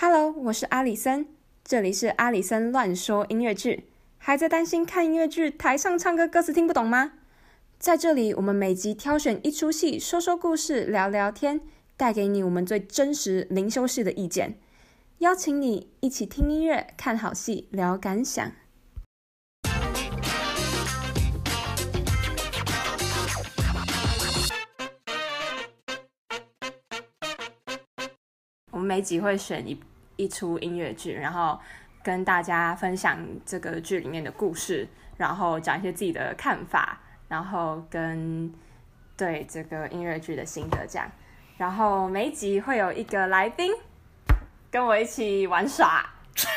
哈嘍，Hello, 我是阿里森，這裡是阿里森亂說音樂劇。還在擔心看音樂劇台上唱歌歌詞聽不懂嗎？在這裡，我們每集挑選一出戲，說說故事，聊聊天，帶給你我們最真實零修飾的意見。邀請你一起聽音樂，看好戲，聊感想。每集會選一一出音樂劇，然後跟大家分享這個劇裡面的故事，然後講一些自己的看法，然後跟對這個音樂劇的心得這樣。然後每一集會有一個來賓跟我一起玩耍。 今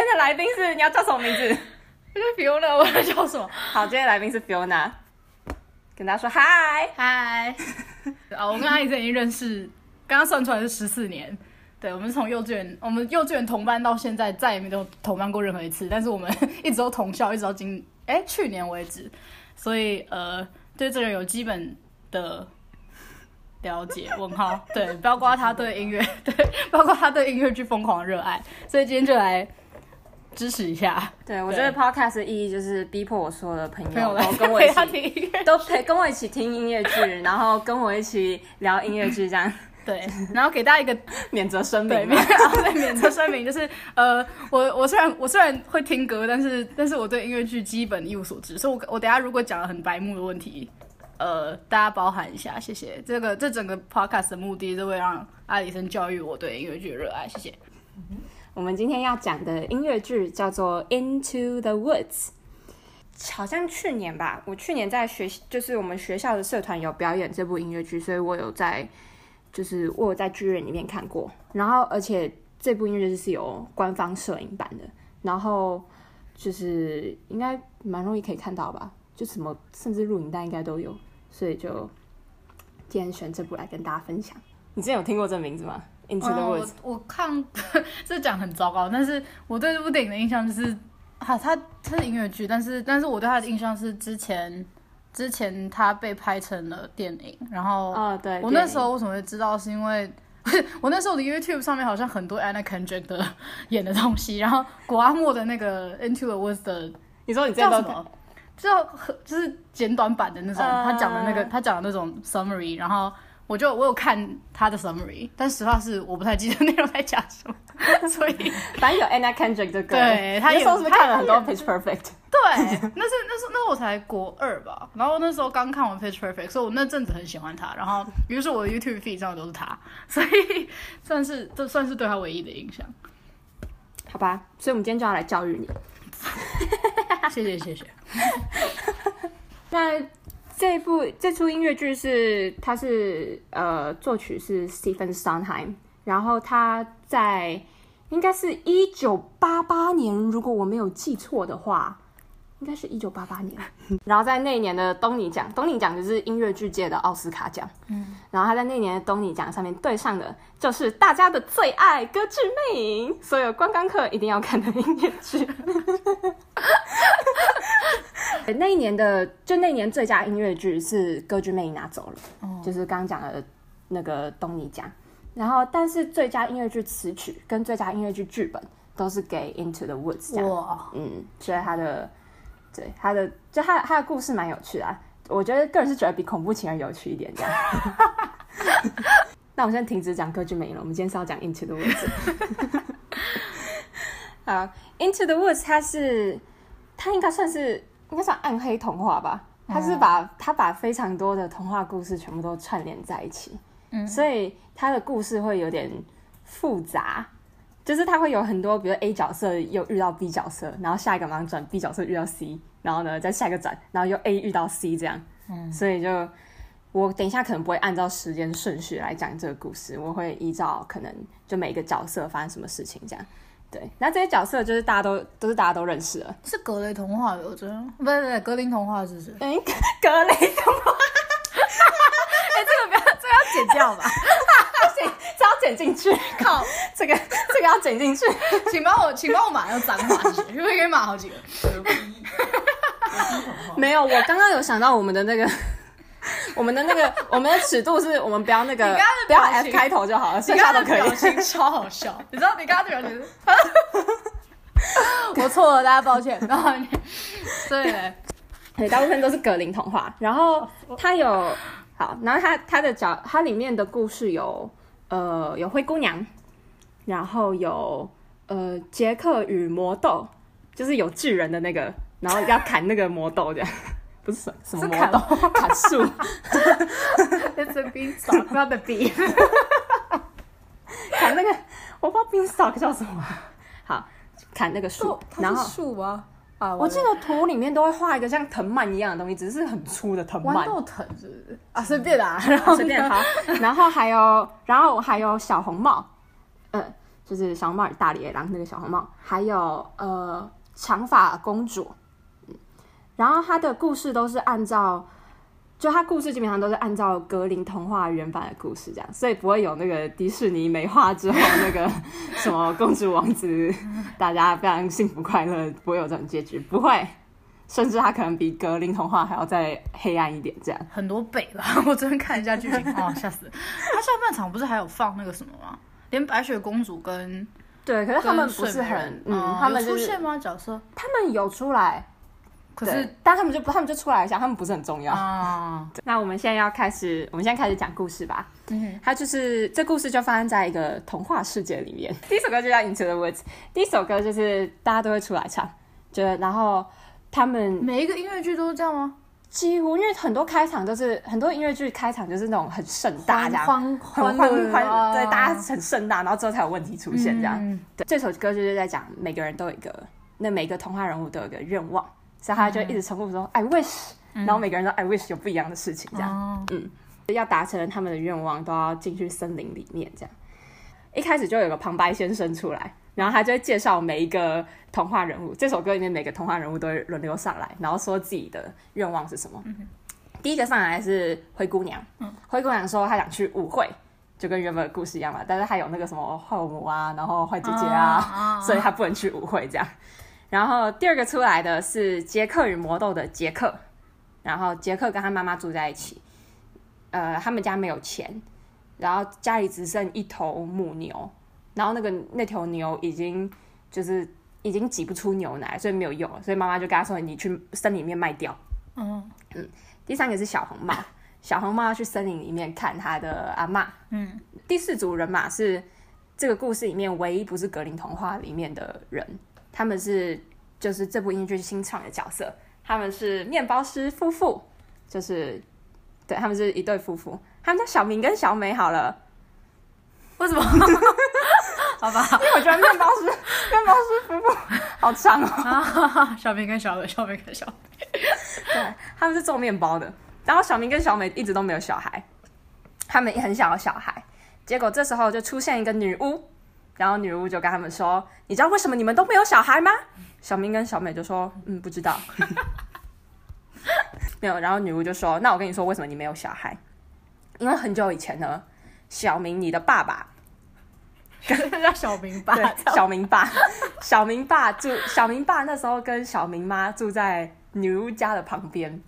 天的來賓是，你要叫什麼名字？就是 Fiona，我要叫什麼？好，今天的來賓是 Fiona，跟大家說嗨嗨。啊 Hi， oh, 我跟阿姨已經認識。剛剛算出來是十四年，對，我們從幼稚園，我們幼稚園同班到現在，再也沒有同班過任何一次，但是我們一直都同校，一直到今，哎、欸，去年為止，所以呃，對這個人有基本的了解。問號， 對，包括他對音樂，對，包括他對音樂劇瘋狂熱愛，所以今天就來支持一下。對，對我覺得 podcast 的意義就是逼迫我所有的朋友，跟我一起 陪他聽音樂劇都陪，跟我一起聽音樂劇， 然後跟我一起聊音樂劇，這樣。 對，然後給大家一個免責聲明，對免責聲明就是，呃，我我雖然我雖然會聽歌，但是但是我對音樂劇基本一無所知，所以我，我我等下如果講了很白目的問題，呃，大家包涵一下，謝謝。這個這整個 podcast 的目的就是讓阿里森教育我對音樂劇的熱愛，謝謝。我們今天要講的音樂劇叫做 Into the Woods，好像去年吧，我去年在學，就是我們學校的社團有表演這部音樂劇，所以我有在。就是我有在劇院裡面看過，然後而且這部音樂劇是有官方攝影版的，然後就是應該蠻容易可以看到吧，就什麼甚至錄影帶應該都有，所以就今天選這部來跟大家分享。你之前有聽過這名字嗎？Into the Woods。嗯、我我看這講很糟糕，但是我對這部電影的印象就是，哈、啊，它它是音樂劇，但是但是我對它的印象是之前。之前他被拍成了電影，然後，對我那時候為什麼會知道？是因為、哦、 我那時候的 YouTube 上面好像很多 Anna Kendrick 的演的東西，然後谷阿莫的那個 Into the Woods 的，你說你知道什麼？啊、知道，是知道就是簡短版的那種，他講的那個，uh、他講的那種 summary，然後。我就我有看他的 summary，但實話是我不太記得內容在講什麼，所以 反正有 Anna Kendrick 的歌，這個。對，他也是看了很多《也 Pitch Perfect》。對，那是那是那我才國二吧，然後那時候剛看完《Pitch Perfect》，所以我那陣子很喜歡他，然後比如說我的 YouTube feed 上都是他，所以算是這算是對他唯一的印象。好吧，所以我們今天就要來教育你。 謝謝謝謝。 那。這一部，這出音樂劇是，它是呃，作曲是 Stephen Sondheim，然後他在應該是一九八八年，如果我沒有記錯的話。應該是一九八八年， 然後在那一年的東尼獎，東尼獎就是音樂劇界的奧斯卡獎。嗯，然後他在那一年的東尼獎上面對上的就是大家的最愛歌劇魅影，所有觀光客一定要看的音樂劇。那一年的就那一年最佳音樂劇是歌劇魅影拿走了，嗯、就是剛剛講的那個東尼獎。然後，但是最佳音樂劇詞曲跟最佳音樂劇劇本都是給 Into the Woods 這樣。哇，嗯，所以他的。對他的，就他他的故事蠻有趣的啊，我覺得個人是覺得比恐怖情人有趣一點這樣。 那我們現在停止講歌劇魅影了，我們今天是要講 Int the Into the Woods。Into the Woods，它是它應該算是應該算暗黑童話吧？它、嗯、是把它把非常多的童話故事全部都串聯在一起，嗯、所以它的故事會有點複雜。就是它會有很多，比如說 A 角色又遇到 B 角色，然後下一個馬上轉 B 角色遇到 C，然後呢再下一個轉，然後又 A 遇到 C 這樣。嗯，所以就我等一下可能不會按照時間順序來講這個故事，我會依照可能就每個角色發生什麼事情這樣。對，那這些角色就是大家都都、就是大家都認識了，是格雷童話的是，是、欸、格雷童話，我覺得不是不是格林童話，是不是哎格雷童話，哎這個不要這個要剪掉吧。 剪進去，靠這個，這個要剪進去，請幫我，請幫我買，要三買，會不會給你買好幾個？沒有，我剛剛有想到我們的那個，我們的那個，我們的尺度是我們不要那個不要 F 開頭就好了，其他都可以。我剛剛的表情超好笑，你知道你剛剛的表情？我錯了，大家抱歉。然後，所以，對，大部分都是格林童話。然後他有好，然後它它的角他裡面的故事有。呃，有灰姑娘，然後有呃，傑克與魔豆，就是有巨人的那個，然後要砍那個魔豆這樣，不是什麼，什麼魔豆？砍，砍樹？哈哈哈哈哈，It's a beanstalk，but the bee。砍那個，我不知道 beanstalk 叫什麼。 好，砍那個樹，樹然後樹啊。啊，我記得圖裡面都會畫一個像藤蔓一樣的東西，只是很粗的藤蔓。豌豆藤是不是？啊，隨便啊，隨後、啊、便畫。 然後還有，然後還有小紅帽，呃，就是小帽兒、大野狼那個小紅帽，還有呃長髮公主。然後他的故事都是按照。就它故事基本上都是按照格林童話原版的故事這樣，所以不會有那個迪士尼美化之後那個什麼公主王子，大家非常幸福快樂，不會有這種結局，不會。甚至它可能比格林童話還要再黑暗一點這樣，很多倍了。我真的看一下劇情，啊、 哦，嚇死！它下半場不是還有放那個什麼嗎？連白雪公主跟。對，可是他們不是很，他們、就是、出現嗎？角色？他們有出來。可是，對但他們就不，他們就出來一下，他們不是很重要啊。哦、對那我們現在要開始，我們現在開始講故事吧。對、嗯。他就是這故事就發生在一個童話世界裡面。 第一首歌就叫《Into the Woods》，第一首歌就是大家都會出來唱。就然後他們每一個音樂劇都是這樣嗎？幾乎，因為很多開場都是很多音樂劇開場就是那種很盛大這樣，歡歡啊、很歡樂，對，大家很盛大，然後之後才有問題出現這樣。嗯、對，這首歌就是在講每個人都有一個，那每個童話人物都有一個願望。然後 他就一直重複說 "I wish"，、嗯、然後每個人都 "I wish" 有不一樣的事情這樣，哦、嗯，要達成他們的願望都要進去森林裡面這樣。一開始就有個旁白先生出來，然後他就會介紹每一個童話人物。這首歌裡面每個童話人物都會輪流上來，然後說自己的願望是什麼。嗯、第一個上來是灰姑娘，嗯、灰姑娘說她想去舞會，就跟原本的故事一樣嘛，但是她有那個什麼壞母啊，然後壞姐姐啊，哦、 所以她不能去舞會這樣。然後第二個出來的是《傑克與魔豆》的傑克，然後傑克跟他媽媽住在一起，呃，他們家沒有錢，然後家裡只剩一頭母牛，然後那個那頭牛已經就是已經擠不出牛奶，所以沒有用，所以媽媽就跟他說：“你去森林裡面賣掉。”哦嗯嗯。第三個是小紅帽，小紅帽要去森林裡面看他的阿嬤。嗯。第四組人馬是這個故事裡面唯一不是格林童話裡面的人。他們是就是這部音樂劇新創的角色，他們是面包師夫婦，就是對他們是一對夫婦，他們叫小明跟小美好了。為什麼？ 好吧，因為我覺得面包師面 包師夫婦好長哦、喔。啊，小明跟小美，小美跟小 對，他們是做面包的。然後小明跟小美一直都沒有小孩，他們也很想要小孩，結果這時候就出現一個女巫。然後女巫就跟他們說：“你知道為什麼你們都沒有小孩嗎？”小明跟小美就說：“嗯，不知道。”沒有。然後女巫就說：“那我跟你說，為什麼你沒有小孩？因為很久以前呢，小明你的爸爸，跟他叫小明爸？小明爸，小明爸住小明爸那時候跟小明媽住在女巫家的旁邊。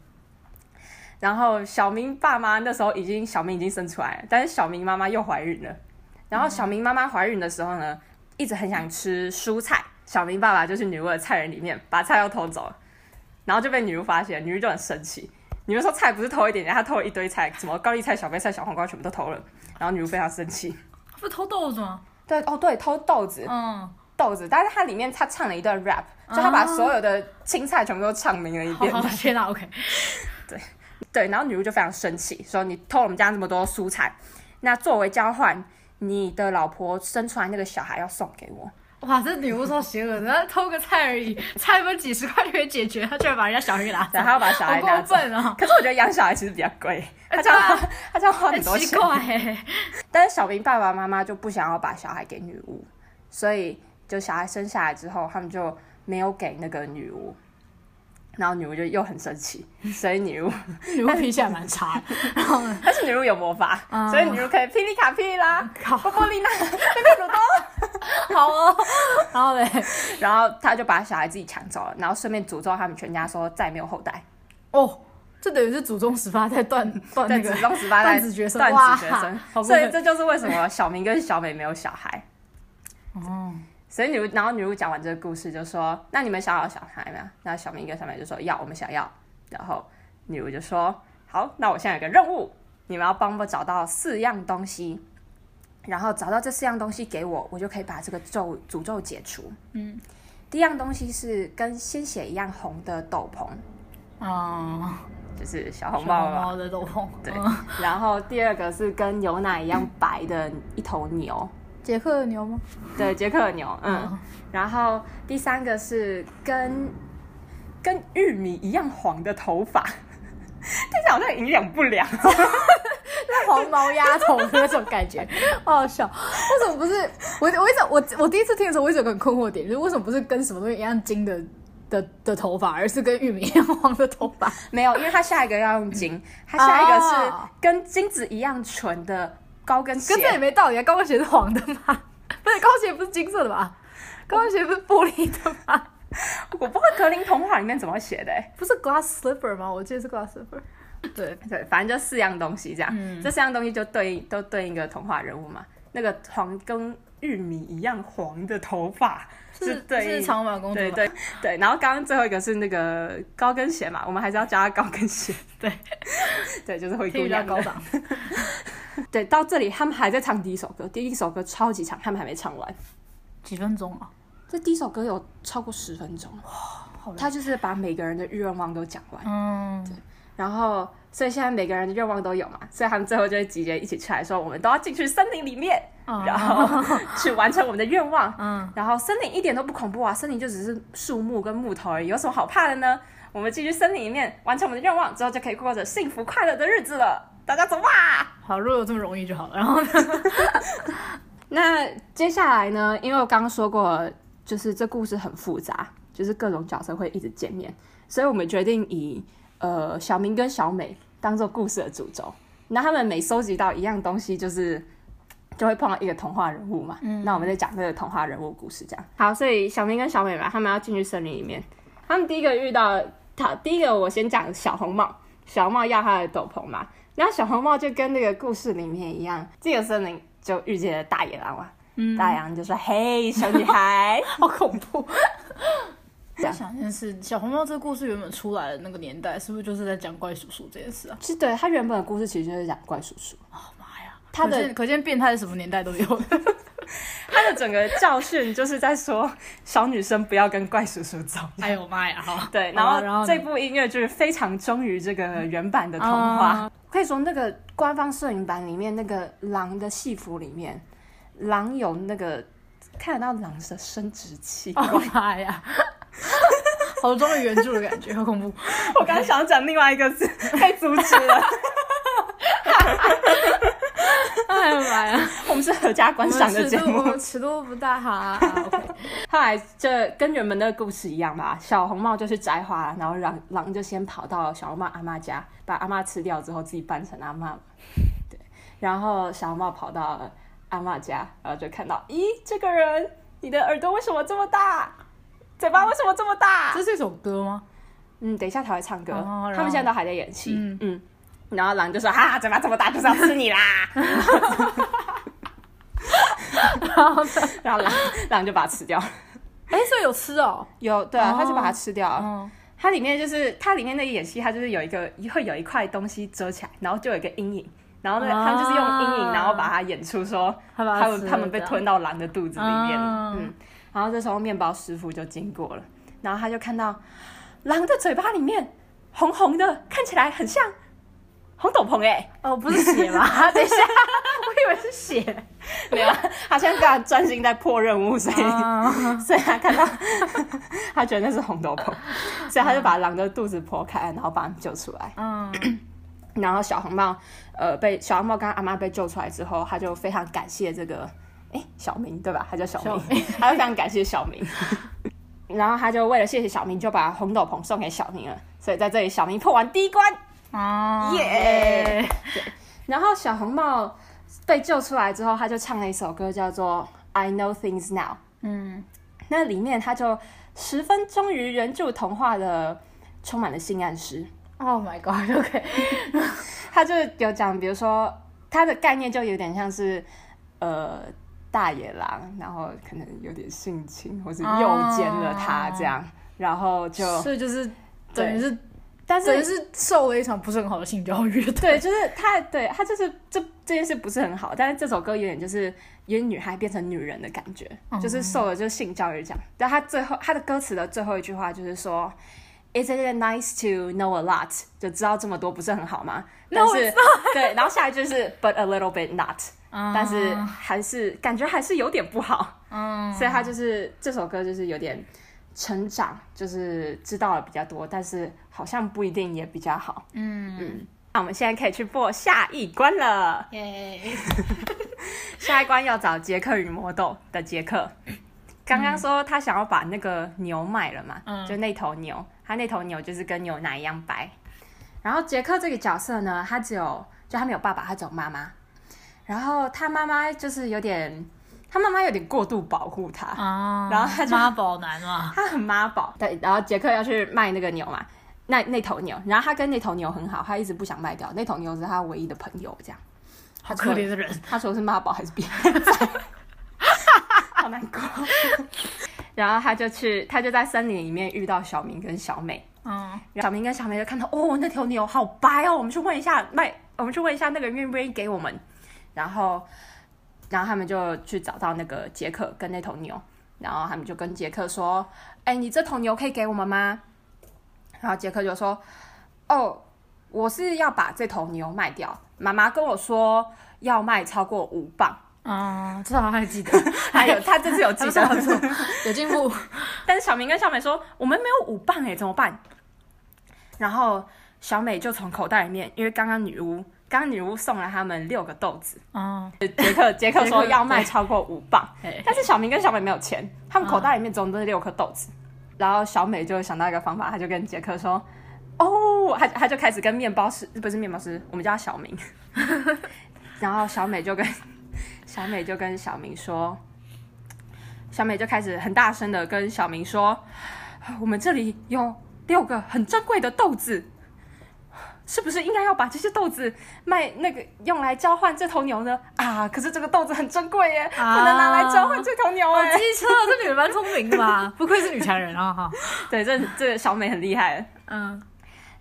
然後小明爸媽那時候已經小明已經生出來了，但是小明媽媽又懷孕了。”然後小明媽媽懷孕的時候呢，一直很想吃蔬菜。小明爸爸就去女巫的菜園裡面把菜又偷走了，然後就被女巫發現，女巫就很生氣，女巫說菜不是偷一點點，她偷了一堆菜，什麼高麗菜、小白菜、小黃瓜全部都偷了。然後女巫非常生氣，不偷豆子嗎？對，哦對，偷豆子，嗯，豆子。但是她裡面她唱了一段 rap，、嗯、就她把所有的青菜全部都唱明了一遍。好聽到 OK。對對，然後女巫就非常生氣，說你偷了我們家那麼多蔬菜，那作為交換。你的老婆生出來那個小孩要送給我，哇！這女巫說行婦， 人家偷個菜而已，菜不幾十塊就可以解決，他居然把人家小孩拿走， 他要把小孩拿走。夠笨啊、哦！可是我覺得養小孩其實比較貴，他這樣花，他這樣花很多錢。欸、奇怪、欸，但是小明爸爸媽媽就不想要把小孩給女巫，所以就小孩生下來之後，他們就沒有給那個女巫。然後女巫就又很生氣，所以女巫女巫脾氣還蠻差然後 但是女巫有魔法， 嗯、所以女巫可以霹靂卡霹靂啦，波波麗娜，變變朵朵。好哦 咯。然後嘞，然後他就把小孩自己搶走了，然後順便詛咒他們全家說再也沒有後代。哦，這等於是祖宗十八代斷斷那個斷子絕孫，斷子絕孫。好，所以這就是為什麼小明跟小美沒有小孩。哦。所以女巫，然後女巫講完這個故事，就說：“那你們想要小，小孩嗎？”那小明跟小美就說：“要，我們想要。”然後女巫就說：“好，那我現在有個任務，你們要幫我找到四樣東西，然後找到這四樣東西給我，我就可以把這個咒詛咒解除。”嗯，第一樣東西是跟鮮血一樣紅的斗篷，啊、嗯，就是小紅帽的斗篷。對。嗯、然後第二個是跟牛奶一樣白的一頭牛。嗯傑克的牛嗎？對，傑克的牛。嗯，嗯，然後第三個是跟、嗯、跟玉米一樣黃的頭髮，但 是好像營養不良，那 黃毛丫頭的那種感覺， 好笑。為什麼不是？我我一直我我第一次聽的時候，我一直有一個很困惑的點，就是為什麼不是跟什麼東西一樣金的的的頭髮，而是跟玉米一樣黃的頭髮？ 沒有，因為他下一個要用金，他下一個是跟金子一樣純的。哦高跟鞋，跟這也沒道理啊！高跟鞋是黃的嗎？不是，高跟鞋不是金色的吧？高跟鞋不是玻璃的嗎？ 我不知道格林童話裡面怎麼寫的、欸？不是 glass slipper 嗎？我記得是 glass slipper。對對，反正就四樣東西這樣，嗯、這四樣東西就對應都對應一個童話人物嘛。那個黃跟玉米一樣黃的頭髮，是，是對應是長髮公主。對對對，對，然後剛剛最後一個是那個高跟鞋嘛，我們還是要加高跟鞋。對 對，就是會更加高檔。 對，到這裡他們還在唱第一首歌，第一首歌超級長，他們還沒唱完，幾分鐘啊？這第一首歌有超過十分鐘，哇、哦！他就是把每個人的願望都講完，嗯，對。然後，所以現在每個人的願望都有嘛，所以他們最後就會集結一起出來說，我們都要進去森林裡面，嗯、然後去完成我們的願望。嗯，然後森林一點都不恐怖啊，森林就只是樹木跟木頭而已，有什麼好怕的呢？我們進去森林裡面完成我們的願望之後，就可以過着幸福快樂的日子了。大家走吧。好，如果有這麼容易就好了。然後呢？ 那接下來呢？因為我剛剛說過，就是這故事很複雜，就是各種角色會一直見面，所以我們決定以呃小明跟小美當作故事的主軸。那他們每收集到一樣東西，就是就會碰到一個童話人物嘛。嗯。那我們就講這個童話人物故事這樣。好，所以小明跟小美嘛，他們要進去森林裡面。他們第一個遇到他，第一個我先講小紅帽。小紅帽要他的斗篷嘛。然後小紅帽就跟那個故事裡面一樣，進、這、入、個、森林就遇見了大野狼啊。嗯，大野狼就說：“嘿， hey, 小女孩， 好恐怖。 樣”我想一想是小紅帽這個故事原本出來的那個年代，是不是就是在講怪叔叔這件事啊？是對他原本的故事，其實就是講怪叔叔。哦媽呀！他的可見是變態什麼年代都有。 他的整個教訓就是在說小女生不要跟怪叔叔走。哎呦媽呀！對，然後這部音樂就是非常忠於這個原版的童話。 可以說那個官方攝影版裡面那個狼的戲服裡面，狼有那個看得到狼的生殖器。我媽呀！好忠於原著的感覺，好恐怖！我剛想要講另外一個字， 太俗氣了。 哎呀媽呀！我們是合家觀賞的節目，尺度不大好，啊好 okay， Hi，就跟原本的故事一樣吧？小紅帽就是摘花，然後狼狼就先跑到小紅帽阿媽家，把阿媽吃掉之後，自己扮成阿媽。然後小紅帽跑到阿媽家，然後就看到，咦，這個人，你的耳朵為什麼這麼大？嘴巴為什麼這麼大？這是一首歌嗎？嗯，等一下他會唱歌。哦、他們現在都還在演戲。嗯嗯。嗯。然後狼就說：“啊，嘴巴這麼大，就是要吃你啦！”然後，然後狼狼就把它吃掉了。誒這、欸、有吃哦，有對啊，oh, 他就把它吃掉了。它，oh. 裡面就是它裡面那演戲，它就是有一個會有一塊東西遮起來，然後就有一個陰影，然後呢，它，oh. 就是用陰影，然後把它演出說，oh. 他們他們被吞到狼的肚子裡面。Oh. 嗯，然後這時候麵包師傅就經過了，然後他就看到狼的嘴巴裡面紅紅的，看起來很像。紅斗篷，哎哦，不是血嗎？ 等一下，我以為是血。沒有 樣， 他現在非常專心在破任務，所以、oh. 所以他看到 他覺得那是紅斗篷，所以他就把狼的肚子破開，然後把他們救出來。嗯、oh. 然後小紅帽，呃，被小紅帽跟阿媽被救出來之後，他就非常感謝這個、欸、小明對吧？他叫小明， 他就非常感謝小明。 然後他就為了謝謝小明，就把紅斗篷送給小明了。所以在這裡，小明破完第一關。哦耶、oh, Yeah.！對，然後小紅帽被救出來之後，他就唱了一首歌，叫做《I Know Things Now》。嗯，那裡面他就十分忠於原著童話的，充滿了性暗示。Oh my god！OK，、okay. 他就有講，比如說他的概念就有點像是呃大野狼，然後可能有點性情，或是誘姦了他這樣，oh. 然後就所以就是等於是。但是可是是受了一場不是很好的性教育。對，對就是他，對他就是這這件事不是很好。但是這首歌有點就是，因為女孩變成女人的感覺，就是受了就是性教育這樣。嗯、但他最後他的歌詞的最後一句話就是說 Is it nice to know a lot，就知道這麼多不是很好嗎？但是 No, it's not. 對，然後下一句是 But a little bit not，、嗯、但是還是感覺還是有點不好。嗯、所以他就是這首歌就是有點。成長就是知道的比較多，但是好像不一定也比較好。嗯,嗯，那我們現在可以去過下一關了。Yeah. 下一關要找《傑克與魔豆》的傑克。剛剛說他想要把那個牛賣了嘛？嗯、就那頭牛，他那頭牛就是跟牛奶一樣白。嗯、然後傑克這個角色呢，他只有就他沒有爸爸，他只有媽媽。然後他媽媽就是有點。他媽媽有點過度保護他，啊、然後他媽寶男嘛、啊，他很媽寶。對，然後傑克要去賣那個牛嘛，那那頭牛，然後他跟那頭牛很好，他一直不想賣掉，那頭牛是他唯一的朋友，這樣。好可憐的人，他說是媽寶還是別人？ 好難過。 然後他就去，他就在森林裡面遇到小明跟小美。嗯。小明跟小美就看到，哦，那頭牛好白哦，我們去問一下賣，我們去問一下那個人願不願意給我們，然後。然後他們就去找到那個傑克跟那頭牛，然後他們就跟傑克說：“哎、欸，你這頭牛可以給我們嗎？”然後杰克就說：“哦，我是要把這頭牛賣掉。媽媽跟我說要賣超過五磅。”啊、嗯，這好還，還記得，還 有他這次有記得， 有進步。 但是小明跟小美說：“我們沒有五磅哎，怎麼辦？”然後小美就從口袋裡面，因為剛剛女巫。剛女巫送了他們六個豆子啊。傑克、嗯，傑克說要賣超過五磅，但是小明跟小美沒有錢，他們口袋裡面總共是六顆豆子。嗯、然後小美就想到一個方法，他就跟傑克說：“哦，他他就開始跟麵包師，不是麵包師，我們叫他小明。” 然後小美就跟小美就跟小明說，小美就開始很大聲的跟小明說：“我們這裡有六個很珍貴的豆子。”是不是應該要把這些豆子賣那個用來交換這頭牛呢？啊！可是這個豆子很珍貴耶，啊、不能拿來交換這頭牛。哦、機車，這女人蠻聰明的嘛， 不愧是女強人啊！哈，對，這這小美很厲害。嗯，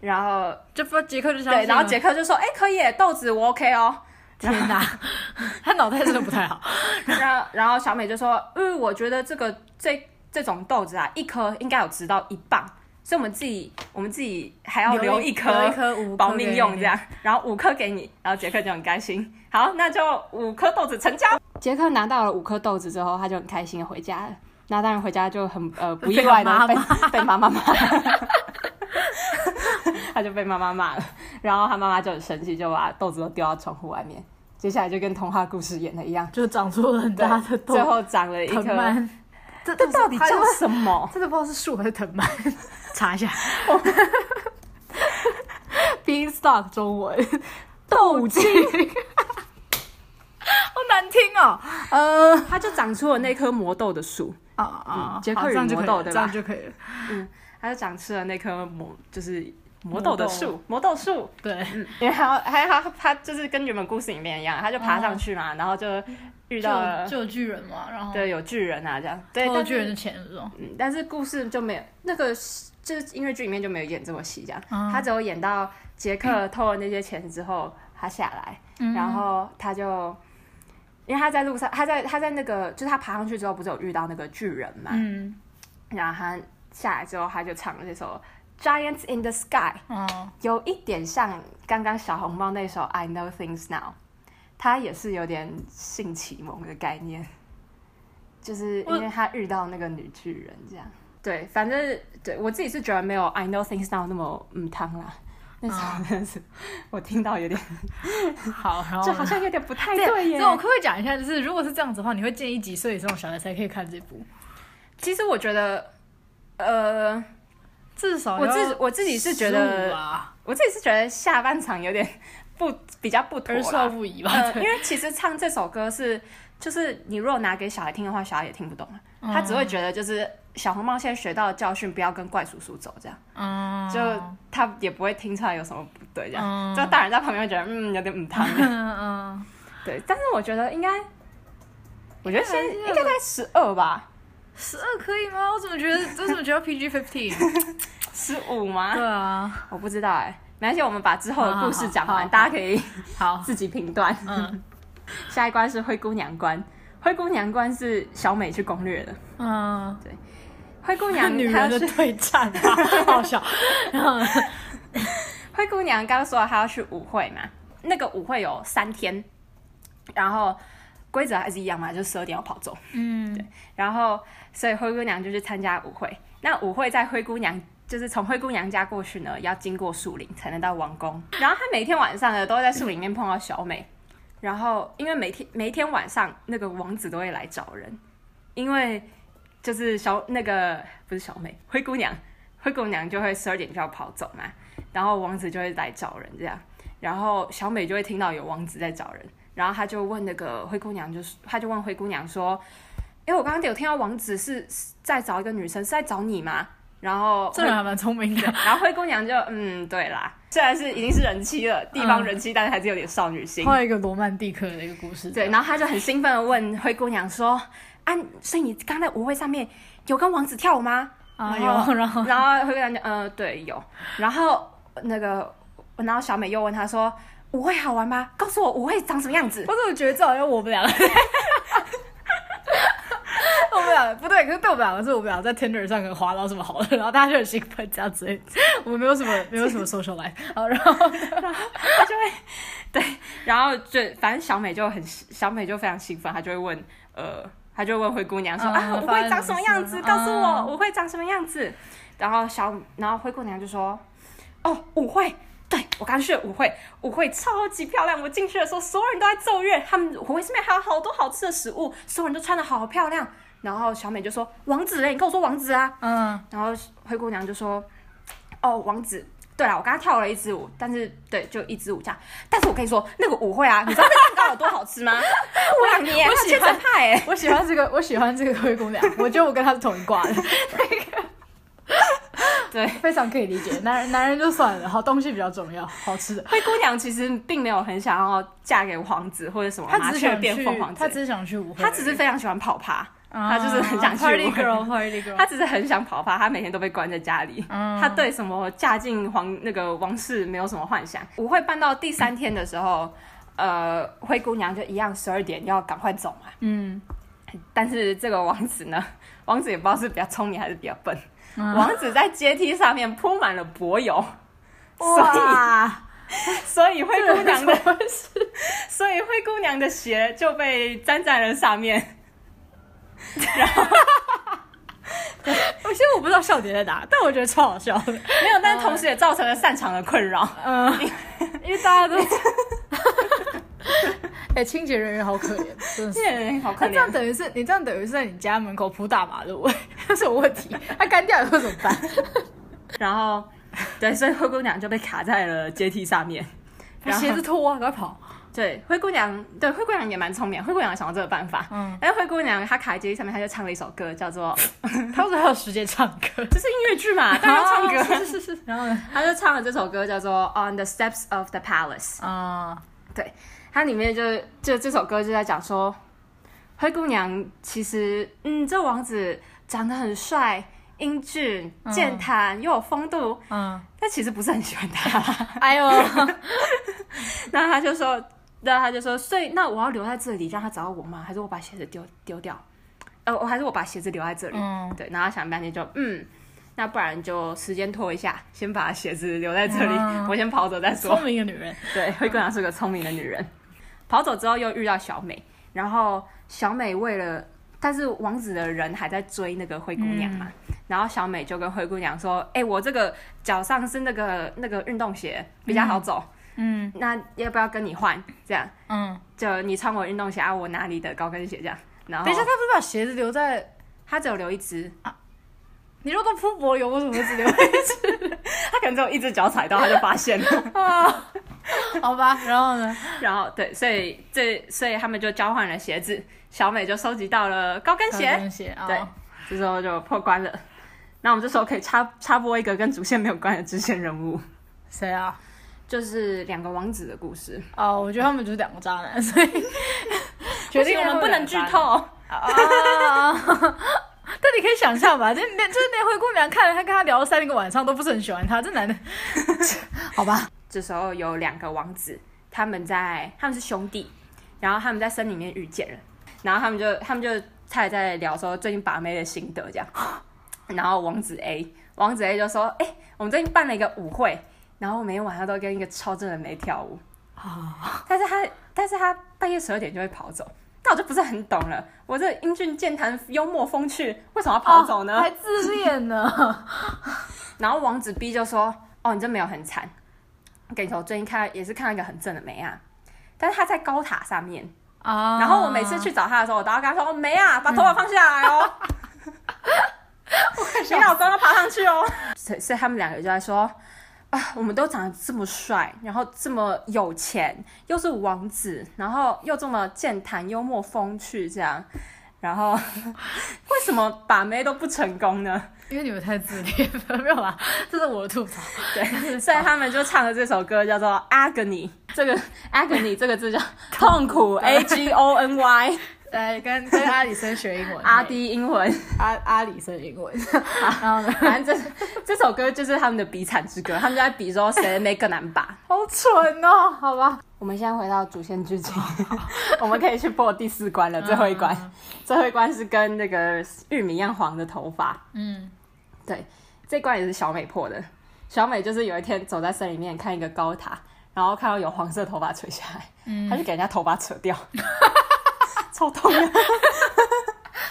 然後就不傑克就對，然後傑克就說：“哎、欸，可以豆子，我 OK 哦、喔。”天哪， 他腦袋真的不太好。 然後，然後小美就說：“嗯，我覺得這個這這種豆子啊，一顆應該有值到一磅。”所以我們自己，我們自己還要留一顆，一顆五保命用這樣，然後五顆給你，然後傑克就很開心。好，那就五顆豆子成交。傑克拿到了五顆豆子之後，他就很開心的回家了。那當然回家就很呃不意外的被我媽媽被媽媽，媽媽罵了 他就被媽媽罵了。然後他媽媽就很生氣，就把豆子都丟到窗戶外面。接下來就跟童話故事演的一樣，就長出了很大的豆子，最後長了一顆藤蔓。這這到底叫什麼？真的不知道是樹還是藤蔓。查一下，Beanstalk 中文豆莖，好難聽哦。呃，它就長出了那棵魔豆的樹啊啊，傑克與魔豆對吧？這樣就可以了。嗯，它就長出了那棵魔，就是魔豆的樹，魔豆樹。對，因為還還他他就是跟原本故事裡面一樣，他就爬上去嘛，然後就遇到就有巨人嘛，然後對有巨人啊這樣，偷巨人的錢這種。嗯，但是故事就沒有那個，就是音樂劇裡面就沒有演這麼細這樣，uh huh. 他只有演到傑克、uh huh. 偷了那些錢之後，他下來，uh huh. 然後他就，因為他在路上，他在他在那個就是他爬上去之後，不是有遇到那個巨人嘛，uh huh. 然後他下來之後，他就唱了那首《Giants in the Sky》，uh huh. 有一點像剛剛小紅帽那首《I Know Things Now》，他也是有點性啟蒙的概念，就是因為他遇到那個女巨人這樣。Uh huh. 對，反正對我自己是覺得沒有 I Know Things Now 那麼嗯，燙啦。那時候真是，uh, 我聽到有點 好，然後就好像有點不太對耶。那我可不可以講一下？就是如果是這樣子的話，你會建議幾歲這種小孩才可以看這部？其實我覺得，呃，至少、啊、我自我自己是覺得，我自己是覺得下半場有點不比較不妥了，呃，因為其實唱這首歌是就是你如果拿給小孩聽的話，小孩也聽不懂，嗯、他只會覺得就是。小紅帽現在學到的教訓，不要跟怪叔叔走，這樣，就他也不會聽出來有什麼不對，這樣，就大人在旁邊覺得嗯有點嗯、嗯，對，但是我覺得應該，我覺得應該應該在十二吧，十二可以嗎？我怎麼覺得，我怎麼覺得 PG 15，十五嗎？對啊，我不知道哎，沒關係，我們把之後的故事講完，大家可以好自己評斷。下一關是灰姑娘關，灰姑娘關是小美去攻略的，嗯，對。灰姑娘，女人的對戰啊，好笑。然後灰姑娘剛說她要去舞會嘛，那個舞會有三天，然後規則還是一樣嘛，就是十二點要跑走。嗯，對。然後所以灰姑娘就去參加舞會。那舞會在灰姑娘就是從灰姑娘家過去呢，要經過樹林才能到王宮。然後她每天晚上呢，都會在樹林裡面碰到小美。然後因為每天每一天晚上那個王子都會來找人，因為。就是小那個不是小美，灰姑娘，灰姑娘就會十二點就要跑走嘛，然後王子就會來找人這樣，然後小美就會聽到有王子在找人，然後他就問那個灰姑娘就，就是他就問灰姑娘說，為、欸、我剛剛有聽到王子是在找一個女生，是在找你嗎？然後這人還蠻聰明的。然後灰姑娘就嗯，對啦，雖然是已經是人妻了，地方人妻，嗯、但是還是有點少女心，還有一個羅曼蒂克的一個故事。對，然後他就很興奮的問灰姑娘說。啊，所以你剛在舞會上面有跟王子跳舞嗎？啊，有，然後然後會跟他講，嗯，對，有。然後那個，然後小美又問他說：“舞會好玩嗎？告訴我舞會長什麼樣子。”我怎麼覺得這好像我們倆，我們倆不對，可是對我們倆的是我們倆在 Tinder 上可以滑到什麼好的，然後大家就很興奮這樣子，我們沒有什麼沒有什麼說出來。 然後然後，然後 他就會對，然後就反正小美就很小美就非常興奮，她就會問，呃。他就問灰姑娘說：“ uh, 啊，舞會長什麼樣子？Uh, 告訴我，舞會長什麼樣子？” uh. 然後小然後灰姑娘就說：“哦，舞會，對，我剛去了舞會，舞會超級漂亮。我進去的時候，所有人都在奏樂，他們舞會身邊還有好多好吃的食物，所有人都穿的好漂亮。然後小美就說：‘王子嘞，你跟我說王子啊？’嗯，uh. 然後灰姑娘就說：‘哦，王子。’”對啊，我剛剛跳了一支舞，但是對，就一支舞這樣。但是我跟你說，那個舞會啊，你知道那蛋糕有多好吃嗎？我喜歡派，我喜歡這個， 我喜歡這個灰姑娘， 我覺得我跟她是同一卦的。那個，對，非常可以理解，男人男人就算了，好，東西比較重要，好吃的。灰姑娘其實並沒有很想要嫁給王子或者什麼，她只是想變鳳凰。她只是想去舞會、欸，她只是非常喜歡跑趴。Oh, 他就是很想去，oh, holy girl, holy girl. 他只是很想跑吧。他每天都被關在家裡，oh. 他對什麼嫁進皇那個王室沒有什麼幻想。舞會辦到第三天的時候，嗯、呃，灰姑娘就一樣，十二點要趕快走嘛。嗯。但是這個王子呢，王子也不知道是比較聰明還是比較笨。Oh. 王子在階梯上面鋪滿了柏油，哇，所以灰姑娘的， 所, 所以灰姑娘的鞋就被粘在了上面。然後，我其實我不知道笑點在哪，但我覺得超好笑的。沒有，但是同時也造成了散場的困擾。嗯，因為大家都……哎，清潔人員好可憐，真的是。清潔人員好可憐。這樣等於是你這樣等於是在你家門口鋪大馬路，有什麼問題？他乾掉以後怎麼辦？然後，對，所以灰姑娘就被卡在了階梯上面。鞋子脫啊，快跑！對灰姑娘，對灰姑娘也蠻聰明。灰姑娘想到這個辦法。嗯，然後灰姑娘她卡在階梯上面，她就唱了一首歌，叫做。 她說她有時間唱歌，這是音樂劇嘛， 大家要唱歌，哦，是，是是是。然後呢，她就唱了這首歌，叫做《On the Steps of the Palace》。啊，哦，對，它裡面就是就這首歌就在講說，灰姑娘其實嗯，這王子長得很帥、英俊、健談、嗯、又有風度，嗯，但其實不是很喜歡他。哎呦， 然後他就說。然後他就說：“所以那我要留在這裡，讓他找到我嗎？還是我把鞋子丟丟掉？呃，我還是我把鞋子留在這裡。嗯、對，然後想半天就嗯，那不然就時間拖一下，先把鞋子留在這裡，嗯、我先跑走再說。聰明的女人，對，灰姑娘是個聰明的女人。嗯、跑走之後又遇到小美，然後小美為了，但是王子的人還在追那個灰姑娘嘛，嗯、然後小美就跟灰姑娘說，哎，我這個腳上是那個那個運動鞋，比較好走。嗯”嗯，那要不要跟你換？這樣，嗯，就你穿我運動鞋，我拿你的高跟鞋這樣。然後，等一下，他不是把鞋子留在？他只有留一隻。你如果鋪柏油，為什麼只留一隻？他可能只有一隻腳踩到，他就發現了。啊，好吧。然後呢？然後對，所以這所以他們就交換了鞋子，小美就收集到了高跟鞋。對，這時候就破關了。那我們這時候可以插插播一個跟主線沒有關的支線人物，誰啊？就是兩個王子的故事哦，oh, 我覺得他們就是兩個渣男，所以 決定我們不能劇透。 但你可以想象吧，這這這灰姑娘看了他跟他聊了三個晚上，都不是很喜歡他，這男的， 好吧。這時候有兩個王子，他們在他們是兄弟，然後他們在森林裡面遇見了，然後他們就他們就他也在聊說最近把妹的心得這樣，然後王子 A 王子 A 就說，哎、欸，我們最近辦了一個舞會。然後每天晚上都跟一個超正的妹跳舞啊，哦、但是他但是他半夜十二點就會跑走，那我就不是很懂了。我這英俊健談、幽默風趣，為什麼要跑走呢？哦、還自戀呢。 然後王子 B 就說：“哦，你這沒有很慘。我給你說，我最近看也是看了一個很正的妹啊，但是他在高塔上面啊。哦、然後我每次去找他的時候，我都要跟他說：‘妹啊，把頭髮放下來哦。嗯’ 你老公要爬上去哦。所以他們兩個就在說。”啊！我們都長得這麼帥，然後這麼有錢，又是王子，然後又這麼健談、幽默、風趣這樣，然後為什麼把妹都不成功呢？因為你們太自戀了，沒有吧？這是我的吐槽。對，所以他們就唱的這首歌叫做《Agony》，這個 Agony 這個字叫痛苦對，A G O N Y。對，跟跟阿里森學英文，阿滴英文，阿阿里森英文。然後呢，反正這這首歌就是他們的比慘之歌，他們就在比說誰的妹更難拔。好蠢哦，好吧。我們現在回到主線劇情，我們可以去破第四關了，最後一關。最後一關是跟那個玉米一樣黃的頭髮。嗯，對，這關也是小美破的。小美就是有一天走在森林裡面，看一個高塔，然後看到有黃色頭髮垂下來，嗯，她就給人家頭髮扯掉。好痛！啊，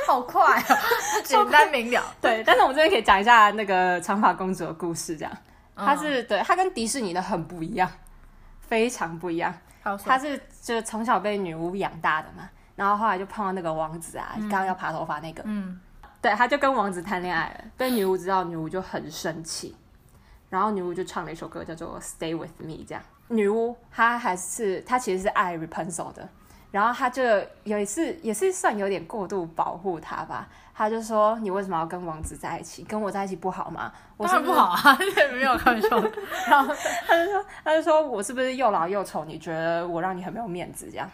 好快啊，喔， 簡單明了。 對，但是我們這邊可以講一下那個長髮公主的故事，這樣。它是對，她跟迪士尼的很不一樣，非常不一樣。她爽是就是從小被女巫養大的嘛，然後後來就碰到那個王子啊，剛剛、嗯、要爬頭髮那個，嗯，對，他就跟王子談戀愛了。被、嗯、女巫知道，女巫就很生氣，然後女巫就唱了一首歌叫做《Stay with Me》這樣。女巫她還是她其實是愛 Rapunzel 的。然後他就有一次也是算有點過度保護他吧，他就說，你為什麼要跟王子在一起？跟我在一起不好嗎？我說不，不好啊，也沒有很說。然後他就說他就說，我是不是又老又醜？你覺得我讓你很沒有面子這樣？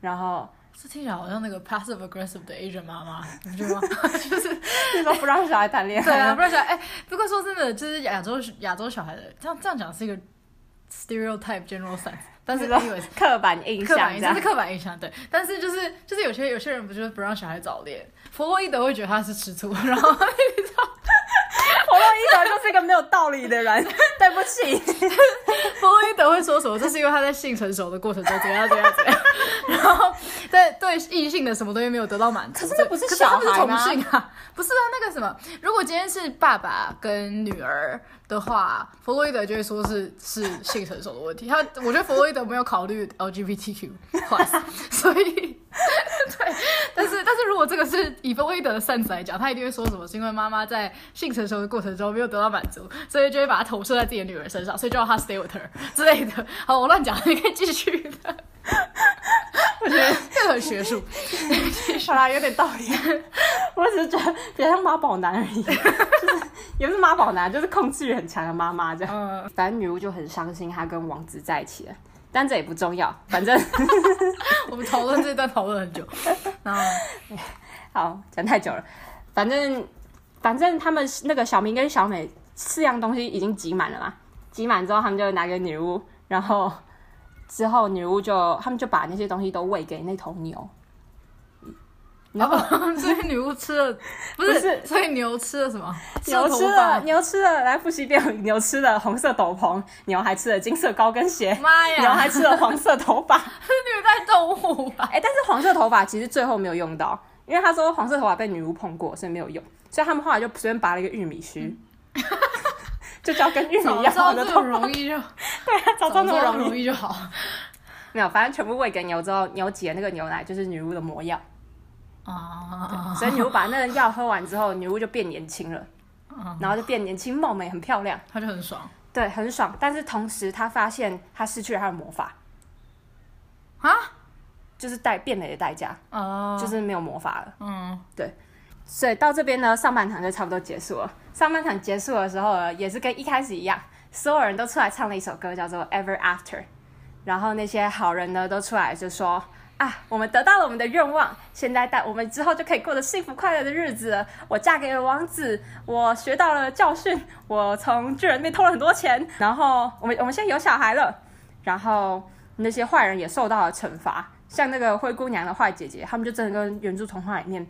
然後是聽起來好像那個 passive aggressive 的 Asian 媽媽，你知道嗎？ 就是 說不讓小孩談戀愛對、啊，不讓小孩。哎、欸，不過說真的，就是亞洲亞洲小孩的這樣這樣講是一個 stereotype general sense。但是刻板印象，這是刻板印象，對。但是就是就是有些有些人不就是不讓小孩早戀，佛洛伊德會覺得他是吃醋，然後。 有道理的人，對不起， 弗洛伊德會說什麼？這，就是因為他在性成熟的過程中怎樣怎樣怎樣，然後在對異性的什麼東西沒有得到滿足。可是那不是小孩嗎？是是同性啊，不是啊，那個什麼，如果今天是爸爸跟女兒的話，弗洛伊德就會說是是性成熟的問題。他我覺得弗洛伊德沒有考慮 LGBTQ，所以。 對，但是但是如果這個是以弗洛伊德的扇子來講，他一定會說什麼？是因為媽媽在性成熟的過程中沒有得到滿足，所以就會把他投射在自己的女兒身上，所以就讓他 stay with her 之類的。好，我亂講，你可以繼續的。我覺得這很學術， 好啦，有點道理。 我只是覺得，比較像媽寶男而已，就是也不是媽寶男，就是控制欲很強的媽媽這樣。嗯，反正女巫就很傷心，她跟王子在一起了。.但這也不重要，反正我們討論這段討論很久，然後 好，講太久了，反正反正他們那個小明跟小美四樣東西已經集滿了嘛，集滿之後他們就拿給女巫，然後之後女巫就他們就把那些東西都餵給那頭牛。然後、哦，所以女巫吃了，不是，不是，所以牛吃了什麼？牛吃了，牛吃了，來複習一遍，牛吃了紅色斗篷，牛還吃了金色高跟鞋，媽呀，牛還吃了黃色頭髮，虐待 動物吧？哎、欸，但是黃色頭髮其實最後沒有用到，因為他說黃色頭髮被女巫碰過，所以沒有用，所以他們後來就隨便拔了一個玉米鬚，嗯、 就叫跟玉米一樣的。早知道這麼容易就，對，早知道這麼容易就好。就好沒有，反正全部餵給牛之後，牛擠的那個牛奶就是女巫的魔藥。哦，所以女巫把那個藥喝完之後，女巫就變年輕了，然後就變年輕、貌美、很漂亮，她就很爽。對，很爽。但是同時，她發現她失去了她的魔法。啊哈？就是代變美的代價？哦，就是沒有魔法了。嗯，對。所以到這邊呢，上半場就差不多結束了。上半場結束的時候，也是跟一開始一樣，所有人都出來唱了一首歌，叫做《Ever After》。然後那些好人呢，都出來就說。啊，我們得到了我們的願望，現在，帶，我們之後就可以過着幸福快樂的日子了。我嫁給了王子，我學到了教訓，我從巨人那邊偷了很多錢，然後我們我們現在有小孩了，然後那些壞人也受到了懲罰，像那個灰姑娘的壞姐姐，他們就真的跟原著童話裡面，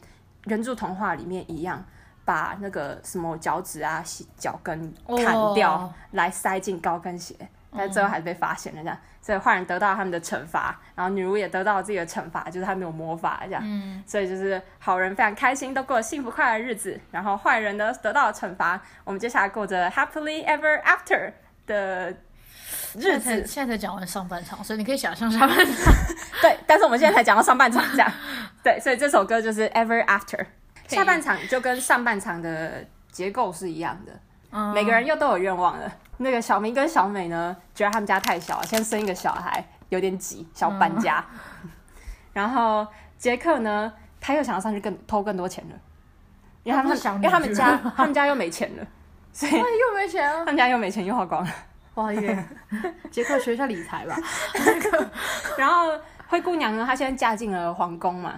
原著童話裡面一樣，把那個什麼腳趾啊、腳跟砍掉、oh. 來塞進高跟鞋，但最後還是被發現了。Oh. 這樣所以壞人得到他們的懲罰，然後女巫也得到了自己的懲罰，就是他沒有魔法這樣。嗯，所以就是好人非常開心，都過了幸福快樂的日子。然後壞人呢得到了懲罰，我們接下來過着 happily ever after 的日子。現在才講完上半場，所以你可以想象下半場。 對，但是我們現在才講到上半場這樣。 對，所以這首歌就是 ever after，以下半場就跟上半場的結構是一樣的，嗯、每個人又都有願望了。那個小明跟小美呢，覺得他們家太小了，現在生一個小孩有點擠，想要搬家。嗯、 然後傑克呢，他又想要上去更偷更多錢了，因為他們，他們因為他們家， 他們家又沒錢了，所以、哎、又沒錢了。他們家又沒錢，又花光了。哇耶傑克學一下理財吧。 然後灰姑娘呢，她現在嫁進了皇宮嘛，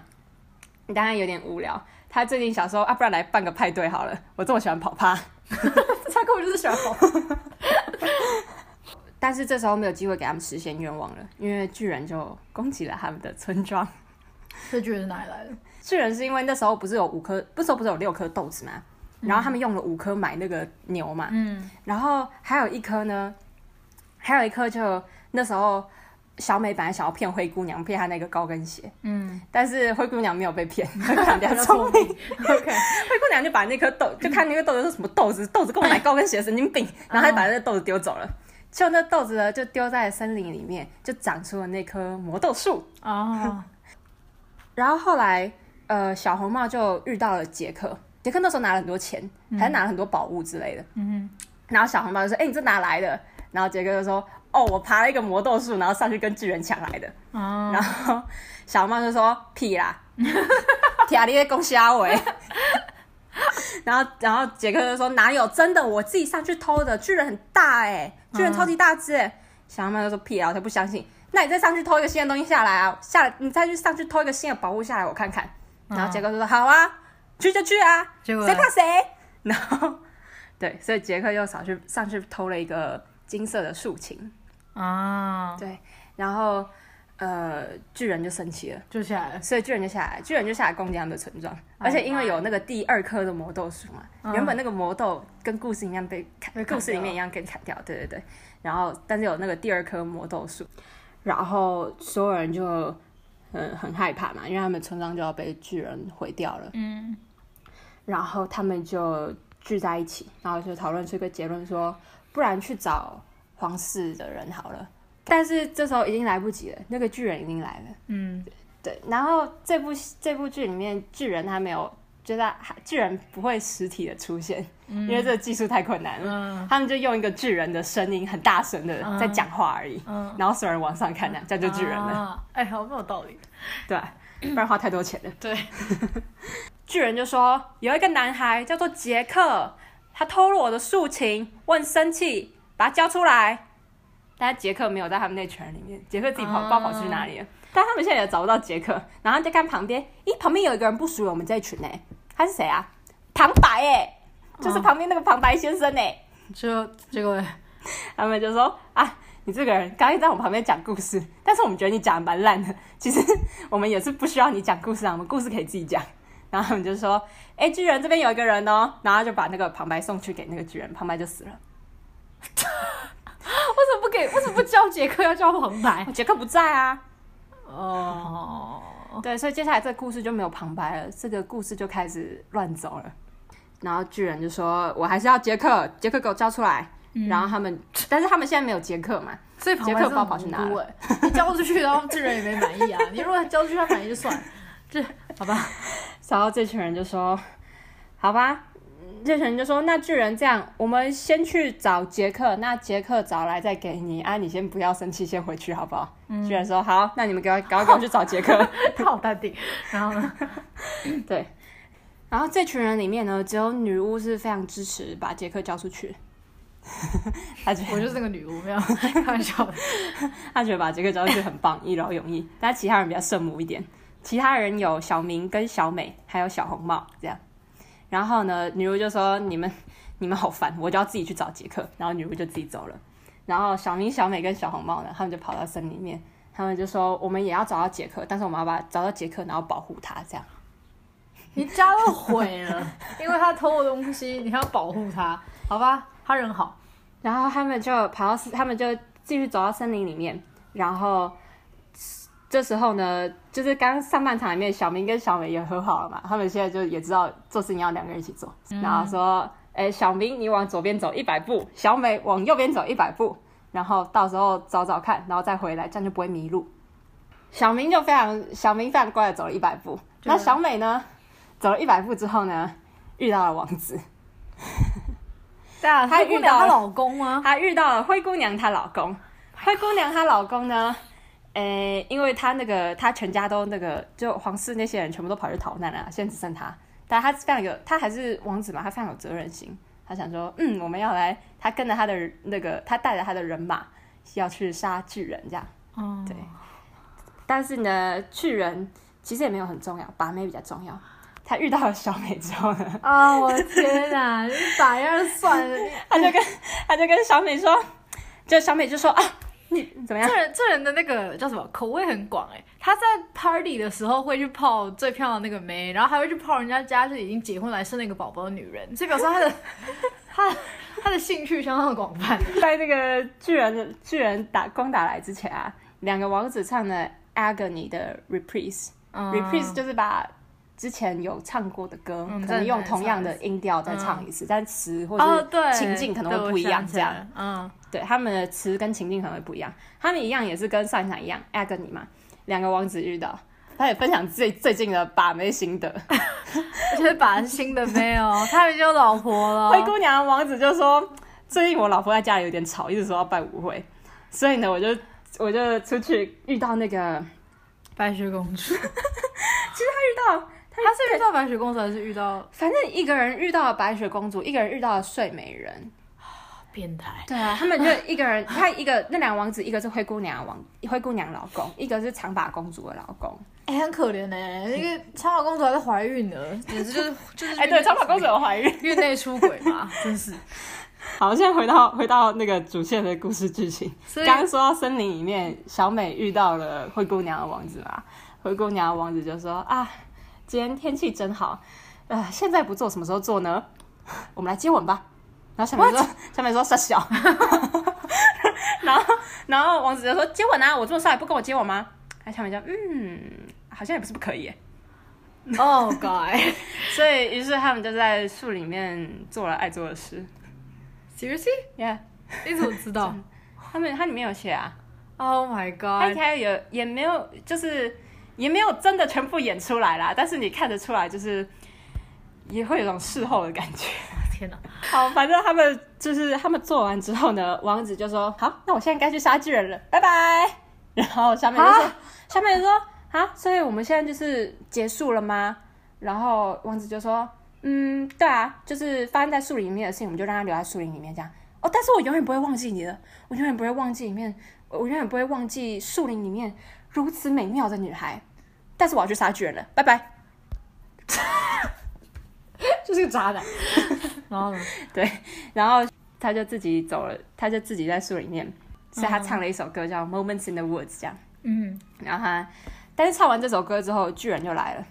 你當然有點無聊。她最近想說啊，不然來辦個派對好了，我這麼喜歡跑趴。 我就是小紅， 但是這時候沒有機會給他們實現願望了，因為巨人就攻擊了他們的村莊。 這巨人哪來的？巨人是因為那時候不是有五顆，不時候不是有六顆豆子嘛？然後他們用了五顆買那個牛嘛，嗯，然後還有一顆呢，還有一顆就那時候。小美本來想要騙灰姑娘騙她那個高跟鞋，嗯，但是灰姑娘沒有被騙，灰姑娘比較聰明。 灰姑娘就把那顆豆，就看那個豆子是什麼豆子，嗯、豆子給我買高跟鞋，神經病！唉然後她就把那個豆子丟走了。哦、就那豆子呢，就丟在森林裡面，就長出了那棵魔豆樹。哦。 然後後來，呃，小紅帽就遇到了傑克，傑克那時候拿了很多錢，嗯、還是拿了很多寶物之類的。嗯哼。然後小紅帽就說：“哎、欸，你這哪來的？”然後傑克就說。哦，我爬了一個魔豆樹然後上去跟巨人搶來的。哦。Oh. 然後小曼就說：“屁啦，天啊，你在恭喜阿偉？” 然後，然後傑克就說：“哪有？真的，我自己上去偷的。巨人很大哎、欸，oh. 巨人超級大只哎。”小曼就說：“屁啦，我才不相信。那你再上去偷一個新的東西下來啊，下來，你再去上去偷一個新的寶物下來，我看看。” oh. 然後傑克就說：“好啊，去就去啊，誰問怕誰？”然後，對，所以傑克又上去上去偷了一個金色的豎琴。啊，oh. 對，然後，呃，巨人就生氣了，就下來了，所以巨人就下來，巨人就下來攻擊他們的村莊，而且因為有那個第二棵的魔豆樹嘛，oh. 原本那個魔豆跟故事一樣被砍，被砍故事裡面一樣給砍掉，對對對，然後但是有那個第二棵魔豆樹，然後所有人就很，很害怕嘛，因為他們村莊就要被巨人毀掉了，嗯，然後他們就聚在一起，然後就討論出一個結論說，不然去找。方式的人好了，但是這時候已經來不及了，那個巨人已經來了。嗯，對。然後這部這部劇裡面巨人他沒有覺得還，就是巨人不會實體的出現，嗯、因為這個技術太困難了。嗯、他們就用一個巨人的聲音很大聲的在講話而已，嗯嗯、然後所有人往上看呢，叫、嗯、就巨人了。哎、啊，好、欸，沒有道理。對，不然花太多錢了。嗯、對。 巨人就說：“有一個男孩叫做傑克，他偷了我的豎琴，我很生氣。”把他交出來！但傑克沒有在他們那群人裡面，傑克自己跑，跑、uh、跑去哪裡了？但他們現在也找不到傑克。然後就看旁邊，咦，旁邊有一個人不屬於我們這一群呢、欸？他是誰啊？旁白誒、欸，uh、就是旁邊那個旁白先生哎、欸。就這個，他們就說：“啊，你這個人剛才在我旁邊講故事，但是我們覺得你講的蠻爛的。其實我們也是不需要你講故事啊，我們故事可以自己講。”然後他們就說：“誒、欸，巨人這邊有一個人哦、喔。”然後就把那個旁白送去給那個巨人，旁白就死了。 為什麼不給？為什麼不教傑克要教旁白？傑 克不在啊。哦，oh. 對，所以接下來這個故事就沒有旁白了，這個故事就開始亂走了。然後巨人就說：“我還是要杰克，杰克給我交出來。嗯”然後他們，但是他們現在沒有傑克嘛？所以杰克不知道跑去哪裡。 哪 你交出去，然後巨人也沒滿意啊。你如果交出去他滿意就算了，這好吧。 然後這群人就說：“好吧。”這群人就說：“那巨人這樣，我們先去找傑克。那傑克找來再給你啊！你先不要生氣，先回去好不好？”巨人、嗯、說：“好。”那你們趕快、趕快去找傑克。 他好淡定。然後呢？ 對。然後這群人裡面呢，只有女巫是非常支持把傑克交出去。 他覺得我就是那個女巫，沒有開玩笑。 他覺得把傑克交出去很棒，一勞永逸。但其他人比較聖母一點。其他人有小明、跟小美，還有小紅帽這樣。然後呢，女巫就說：“你們，你們好煩，我就要自己去找傑克。”然後女巫就自己走了。然後小明、小美跟小紅帽呢，他們就跑到森林裡面。他們就說：“我們也要找到傑克，但是我們要把找到傑克，然後保護他。”這樣，你家都毀了， 因為他偷我東西，你還要保護他？好吧，他人好。然後他們就跑到，他們就繼續走到森林裡面，然後。這時候呢，就是剛上半場裡面，小明跟小美也和好了嘛。他們現在就也知道做事你要兩個人一起做，嗯、然後說：“哎、欸，小明你往左邊走一百步，小美往右邊走一百步，嗯、然後到時候找找看，然後再回來，這樣就不會迷路。”小明就非常小明非常乖的走了一百步。對那小美呢，走了一百步之後呢，遇到了王子。對 啊，她遇到她老公啊，她遇到了灰姑娘她老公。灰姑娘她老公呢？誒、欸，因為他那個，他全家都那個，就皇室那些人全部都跑去逃難了，啊，現在只剩他。但是他非常有，他還是王子嘛，他非常有責任心。他想說，嗯，我們要來，他跟着他的那個，他帶着他的人馬要去殺巨人這樣。哦。對。嗯、但是呢，巨人其實也沒有很重要，把妹比較重要。他遇到了小美之後呢、哦？啊，我的天哪！你咋樣算的？他就跟他就跟小美說，就小美就說啊。你怎麼樣？這人這人的那個叫什麼？口味很廣誒、欸。他在 party 的時候會去泡最漂亮的那個妹，然後還會去泡人家家就已經結婚來生那個寶寶的女人，這表示他的 他的，他的，他的興趣相當的廣泛。 在那個巨人的巨人打光打來之前啊，兩個王子唱 Ag 的 Agony 的 Reprise，Reprise 就是把。之前有唱過的歌，可能用同樣的音調再唱一次，但詞或者情境可能會不一樣，這樣。對，他們的詞跟情境可能會不一樣。他們一樣也是跟上一場一樣，愛個你嘛，兩個王子遇到，他也分享最最近的把妹心得。我覺得把新的沒有，他已經有老婆了。灰姑娘王子就說，最近我老婆在家裡有點吵，一直說要辦舞會，所以呢，我就我就出去遇到那個白雪公主。其實他遇到。他是遇到白雪公主，還是遇到？反正一個人遇到了白雪公主，一個人遇到了睡美人。變態態。對啊， 他們就一個人，他一個那兩個王子，一個是灰姑娘王，灰姑娘老公，一個是長髮公主的老公。哎、欸，很可憐呢、欸，那個是長髮公主還是懷孕了，就是就是，哎、就是欸欸，對，長髮公主有懷孕，孕內出軌嘛， 真是。好，現在回到回到那個主線的故事劇情。剛剛以說到森林裡面，小美遇到了灰姑娘的王子啊。灰姑娘的王子就說啊。今天天氣真好，呃，現在不做，什麼時候做呢？我們來接吻吧。然後下面說：“下 What? 面說傻笑說。” 然後然後王子就說：“接吻啊！我這麼帥，不跟我接吻嗎？”哎，小美說：“嗯，好像也不是不可以。”Oh god！ 所以於是他們就在樹裡面做了愛做的事。you Seriously？Yeah？ 你怎麼知道？他們他裡面有寫啊！Oh my god！看起來也也沒有，就是。也沒有真的全部演出來啦，但是你看得出來，就是也會有種事後的感覺。天吶哪，好，反正他們就是他們做完之後呢，王子就說：“好哈，那我現在該去殺巨人了，拜拜。”然後下面就說：“哈下面就說，好、啊，所以我們現在就是結束了嗎？”然後王子就說：“嗯，對啊，就是發生在樹林裡面的事情，我們就讓他留在樹林裡面這樣。哦，但是我永遠不會忘記你了，我永遠不會忘記，我永遠不會忘記裡面，我永遠不會忘記樹林裡面如此美妙的女孩。”但是我要去殺巨人了，拜拜。 就是個渣男。然 後 對，然後他就自己走了，他就自己在樹裡面，所以他唱了一首歌叫《Moments in the Woods》這樣。嗯。然後他，但是唱完這首歌之後，巨人就來了。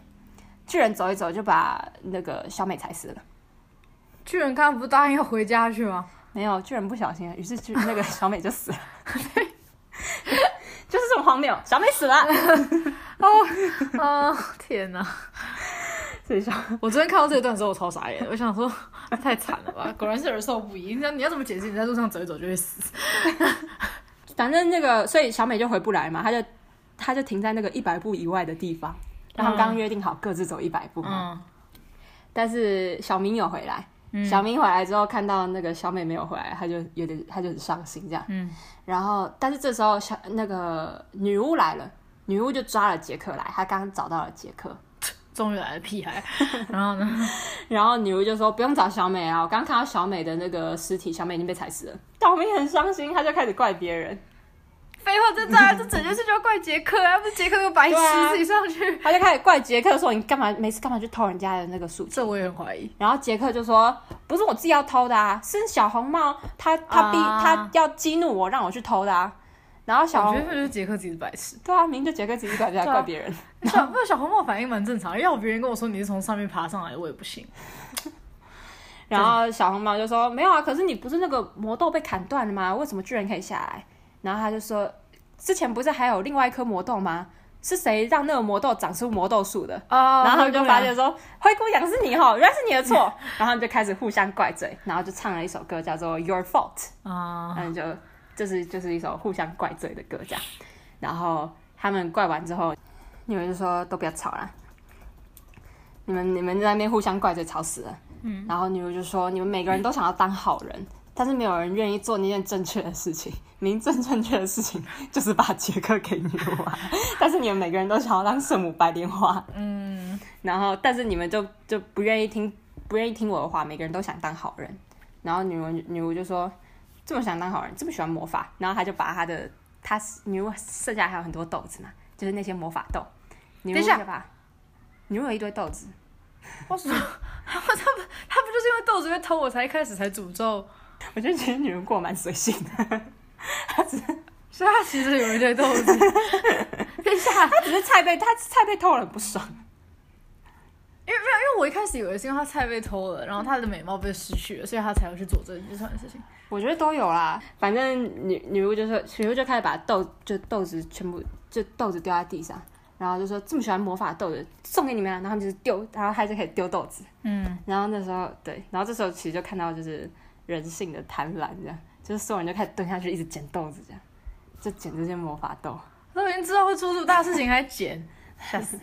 巨人走一走就把那個小美踩死了。巨人剛不答應要回家去嗎？沒有，巨人不小心，於是就那個小美就死了。 沒有，小美死了！ 哦啊、 呃！天哪！誰想。我昨天看到這一段的時候，我超傻眼。 我想說，太慘了吧？果然是人壽不一。你想，你要怎麼解釋？你在路上走一走就會死？ 反正那個，所以小美就回不來嘛。她就她就停在那個一百步以外的地方。嗯、然後剛剛約定好各自走一百步嘛。嗯。但是小明有回來。 小明回來之後，看到那個小美沒有回來，他就有點，他就很傷心，這樣。嗯。然後，但是這時候小那個女巫來了，女巫就抓了傑克來，他剛找到了傑克，終於來了屁孩。 然後呢？ 然後女巫就說：“不用找小美啊，我剛剛看到小美的那個屍體，小美已經被踩死了。”倒霉，很傷心，他就開始怪別人。飛貨在這啊！這整件事就要怪杰克，要不是杰克又白痴自己上去、 啊，他就開始怪杰克說：“你干嘛每次幹嘛去偷人家的那個樹？”這我也很懷疑。然後杰克就說：“不是我自己要偷的啊，是小紅帽他他逼、uh, 他要激怒我，讓我去偷的、啊。”然後小我覺得就是杰克自己的白痴。對啊，明明就杰克自己白痴，還怪別人。你想、 啊，小紅帽反應蠻正常，要不別人跟我說你是從上面爬上來，我也不信。然後小紅帽就說：“沒有啊，可是你不是那個魔豆被砍斷的嗎？為什麼巨人可以下來？”然後他就說：“之前不是還有另外一顆魔豆嗎？是誰讓那個魔豆長出魔豆樹的？”哦，oh, 然後他們就發現說：“有灰姑娘是你哦，原來是你的錯。” 然後他們就開始互相怪罪，然後就唱了一首歌叫做《Your Fault》啊，oh. 然後就就是就是一首互相怪罪的歌，這樣。然後他們怪完之後，女巫就說：“都不要吵了，你們你們在那邊互相怪罪，吵死了。”嗯，然後女巫就說：“你們每個人都想要當好人。嗯”但是沒有人願意做那件正確的事情，明正正確的事情就是把傑克給女巫，啊。 但是你們每個人都想要當聖母白蓮花，嗯，然後但是你們就就不願意聽，不願意聽我的話，每個人都想當好人。然後女巫女巫就說：“這麼想當好人，這麼喜歡魔法。”然後他就把他的他女巫剩下還有很多豆子嘛，就是那些魔法豆。等一下，下，女巫有一堆豆子。我什麼？他 不他不就是因為豆子被偷，我才一開始才詛咒？我覺得其實女巫過蠻隨性的，她 只是她其實有一些豆子， 他只是菜被他菜被偷了很不爽。因為沒有，因為我一開始以為是因為她菜被偷了，然後她的美貌被失去了，所以她才會去做這一串事情。就是、是我覺得都有啦，反正女女巫就是說女巫就開始把豆就豆子全部就豆子丟在地上，然後就說這麼喜歡魔法豆子送給你們、啊，然後他們就是丟，然後她就可以丟豆子。嗯，然後那時候對，然後這時候其實就看到就是。人性的貪婪，這樣就是所有人就開始蹲下去，一直撿豆子，這樣就撿這些魔法豆。都已經知道會出這麼大事情還，還撿， 嚇死實！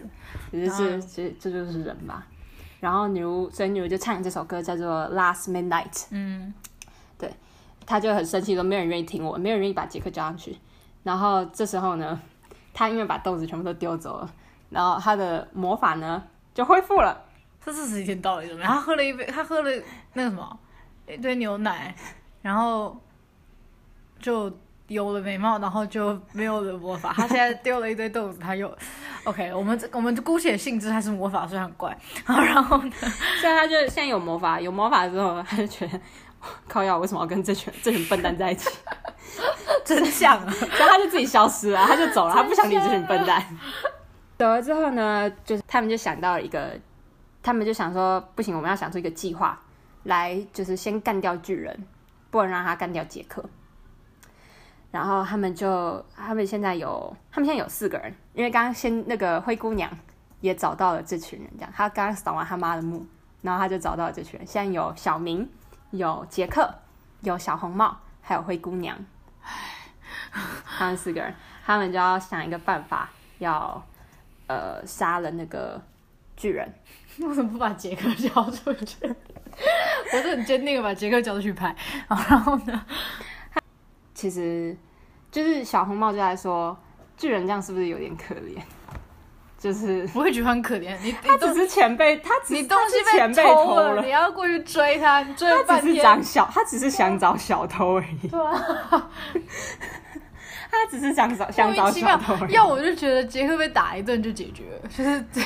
也就這這這就是人吧。然後女巫，所以女巫就唱這首歌，叫做《Last Midnight》。嗯，對，他就很生氣，說沒人願意聽我，沒有人願意把杰克叫上去。然後這時候呢，他因為把豆子全部都丟走了，然後他的魔法呢就恢復了。這是時間到了有沒有，然後他喝了一杯，他喝了那個什麼？一堆牛奶，然後就有了美貌，然後就沒有了魔法。他現在丟了一堆豆子，他又。OK，我們這我們姑且信之，他是魔法雖然很怪。然後然後呢？現在他就現在有魔法，有魔法之後他就覺得，靠呀，為什麼要跟這群這群笨蛋在一起？ 真相。然後 他就自己消失了，他就走了，是他不想理這群笨蛋。走了之後呢，就是他們就想到了一個，他們就想說，不行，我們要想出一個計劃。來，就是先幹掉巨人，不能讓他幹掉傑克。然後他們就，他們現在有，他們現在有四個人，因為剛剛先那個灰姑娘也找到了這群人，這樣，她剛剛掃完他媽的墓，然後她就找到了這群人。現在有小明，有傑克，有小紅帽，還有灰姑娘， 他們四個人，他們就要想一個辦法，要呃殺了那個巨人。為什 麼不把傑克交出去？ 我是很堅定的把傑克叫出去拍，然後呢，他其實就是小紅帽就在說，巨人這樣是不是有點可憐？就是不會覺得很可憐？你，你他只是前輩，他只是你東西被偷了，偷了你要過去追他。追他只是找小，他只是想找小偷而已。對啊， 他只是想找想找小偷。要我就覺得傑克被打一頓就解決了，就是對，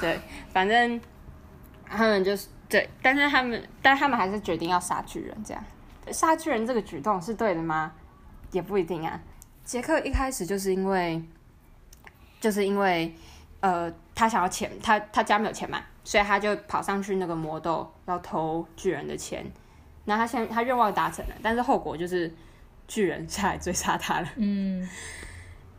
對，反正他們就是。對，但是他們，但他們還是決定要殺巨人。這樣，殺巨人這個舉動是對的嗎？也不一定啊。傑克一開始就是因為，就是因為，呃，他想要錢，他他家沒有錢嘛，所以他就跑上去那個魔豆要偷巨人的錢。那他現他願望達成了，但是後果就是巨人下來追殺他了。嗯，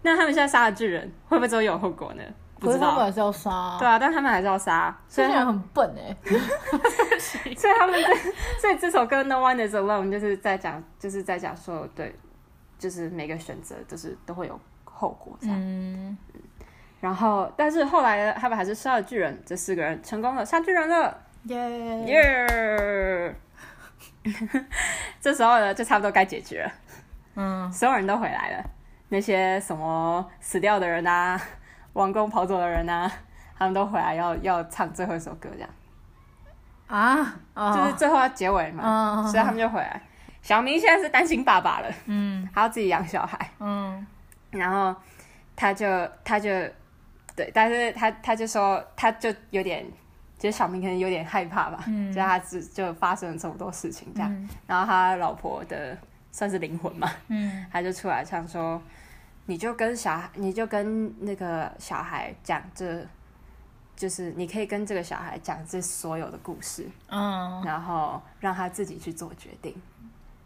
那他們現在殺了巨人，會不會都有，有後果呢？可是他們還是要殺、啊，對啊，但他們還是要殺，雖然很笨哎。所以他們，所以這首歌《No One Is Alone》就是在講，就是在講說，對，就是每個選擇都是都會有後果這樣。嗯，嗯。然後，但是後來他們還是殺了巨人，這四個人成功了，殺巨人了，耶耶！這時候呢，就差不多該解決了。嗯。所有人都回來了，那些什麼死掉的人啊。王公跑走的人吶、啊，他們都回來要要唱最後一首歌，這樣啊，oh. 就是最後要結尾嘛，oh. Oh. 所以他們就回來。小明現在是擔心爸爸了，嗯，還要自己養小孩，嗯，然後他就他就對，但是他他就說他就有點，其、就、得、是、小明可能有點害怕吧，嗯，就他只就發生了這麼多事情這樣，嗯、然後他老婆的算是靈魂嘛，嗯，他就出來唱說。你就跟小孩，你就跟那個小孩講這，就是你可以跟這個小孩講這所有的故事，嗯，oh. 然後讓他自己去做決定，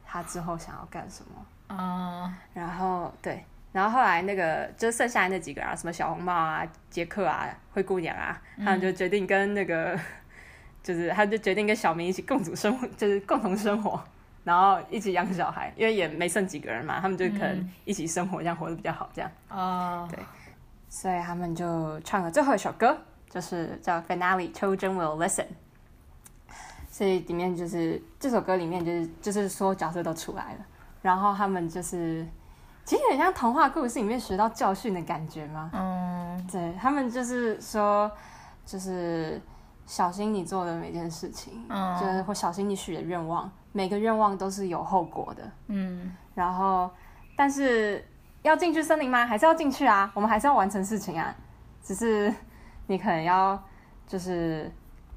他之後想要幹什麼，oh. 然後對，然後後來那個就剩下的那幾個人、啊，什麼小紅帽啊、傑克啊、灰姑娘啊，嗯、他們就決定跟那個，就是他就決定跟小明一起共組生活，就是共同生活。然後一起養小孩，因為也沒剩幾個人嘛，他們就可能一起生活，這樣、嗯、活得比較好，這樣。哦，對，所以他們就唱了最後一首歌，就是叫《Finale Children Will Listen》。所以裡面就是這首歌裡面就是就是說角色都出來了，然後他們就是其實很像童話故事裡面學到教訓的感覺嗎？嗯，對他們就是說就是。小心你做的每件事情，嗯，就是會小心你許的願望，每個願望都是有後果的。嗯，然後，但是要進去森林嗎？還是要進去啊？我們還是要完成事情啊，只是你可能要就是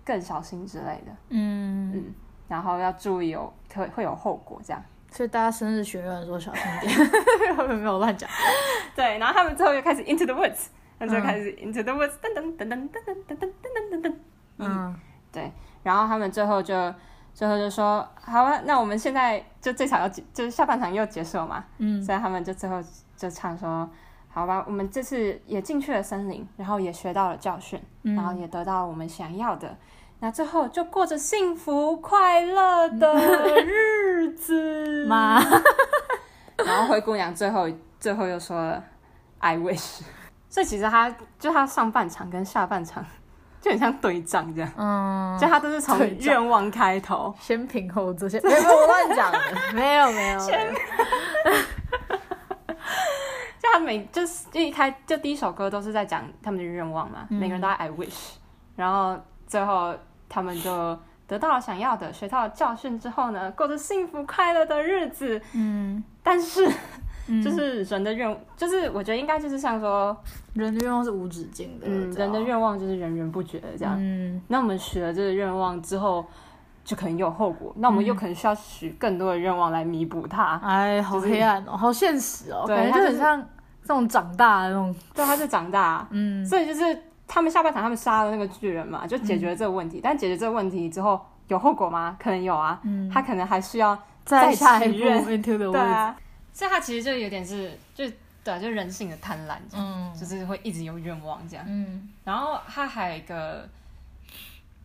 更小心之類的。嗯，然後要注意有會會有後果，這樣。所以大家生日許願的時候小心點，沒有亂講。對，然後他們最後又開始 into the woods，他們最開始 into the woods，噔噔噔噔噔噔噔噔噔噔噔。嗯，嗯對，然後他們最後就最後就說，好吧，那我們現在就這場要結，就下半場又結束嘛，嗯，所以他們就最後就唱說，好吧，我們這次也進去了森林，然後也學到了教訓，嗯、然後也得到我們想要的，那最後就過着幸福快樂的日子嘛。 媽 然後灰姑娘最後最後又說了，I wish。所以其實他就他上半場跟下半場，就很像對賬這樣，嗯，就他都是從願望開頭，嗯、先平後做，先沒有我亂講的，沒有 沒有。沒有先 就他每就是一開就第一首歌都是在講他們的願望嘛，嗯、每個人都愛 I wish，然後最後他們就得到了想要的，學到了教訓之後呢，過着幸福快樂的日子，嗯，但是。就是人的願，就是我覺得應該就是像說，人的願望是無止境的，人的願望就是源源不絕的這樣。那我們許了這個願望之後，就可能有後果，那我們又可能需要許更多的願望來彌補它。哎，好黑暗哦，好現實哦，對，就很像這種長大的那種。對，他是長大，嗯，所以就是他們下半場他們殺了那個巨人嘛，就解決了這個問題。但解決這個問題之後有後果嗎？可能有啊，嗯，他可能還需要再下一步，對啊。所以他其實就有點是，就對、啊，就人性的貪婪，oh. 就是會一直有願望這樣。嗯、然後他還有一個，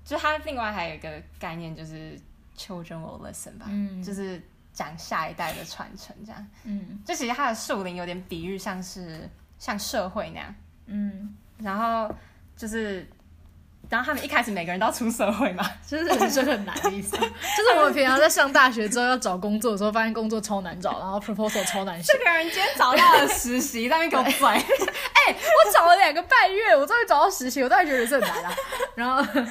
就他另外還有一個概念就是 children will listen 吧，嗯、就是講下一代的傳承這樣。嗯，就其實他的樹林有點比喻，像是像社會那樣。嗯，然後就是。然後他們一開始每個人都要出社會嘛，就是很就很難的意思。 就是我們平常在上大學之後要找工作的時候，發現工作超難找，然後 proposal 超難寫。這個人今天找到了實習， 在那對邊給我拽。哎，我找了兩個半月，我終於找到實習，我突然覺得這很難了啊。然後，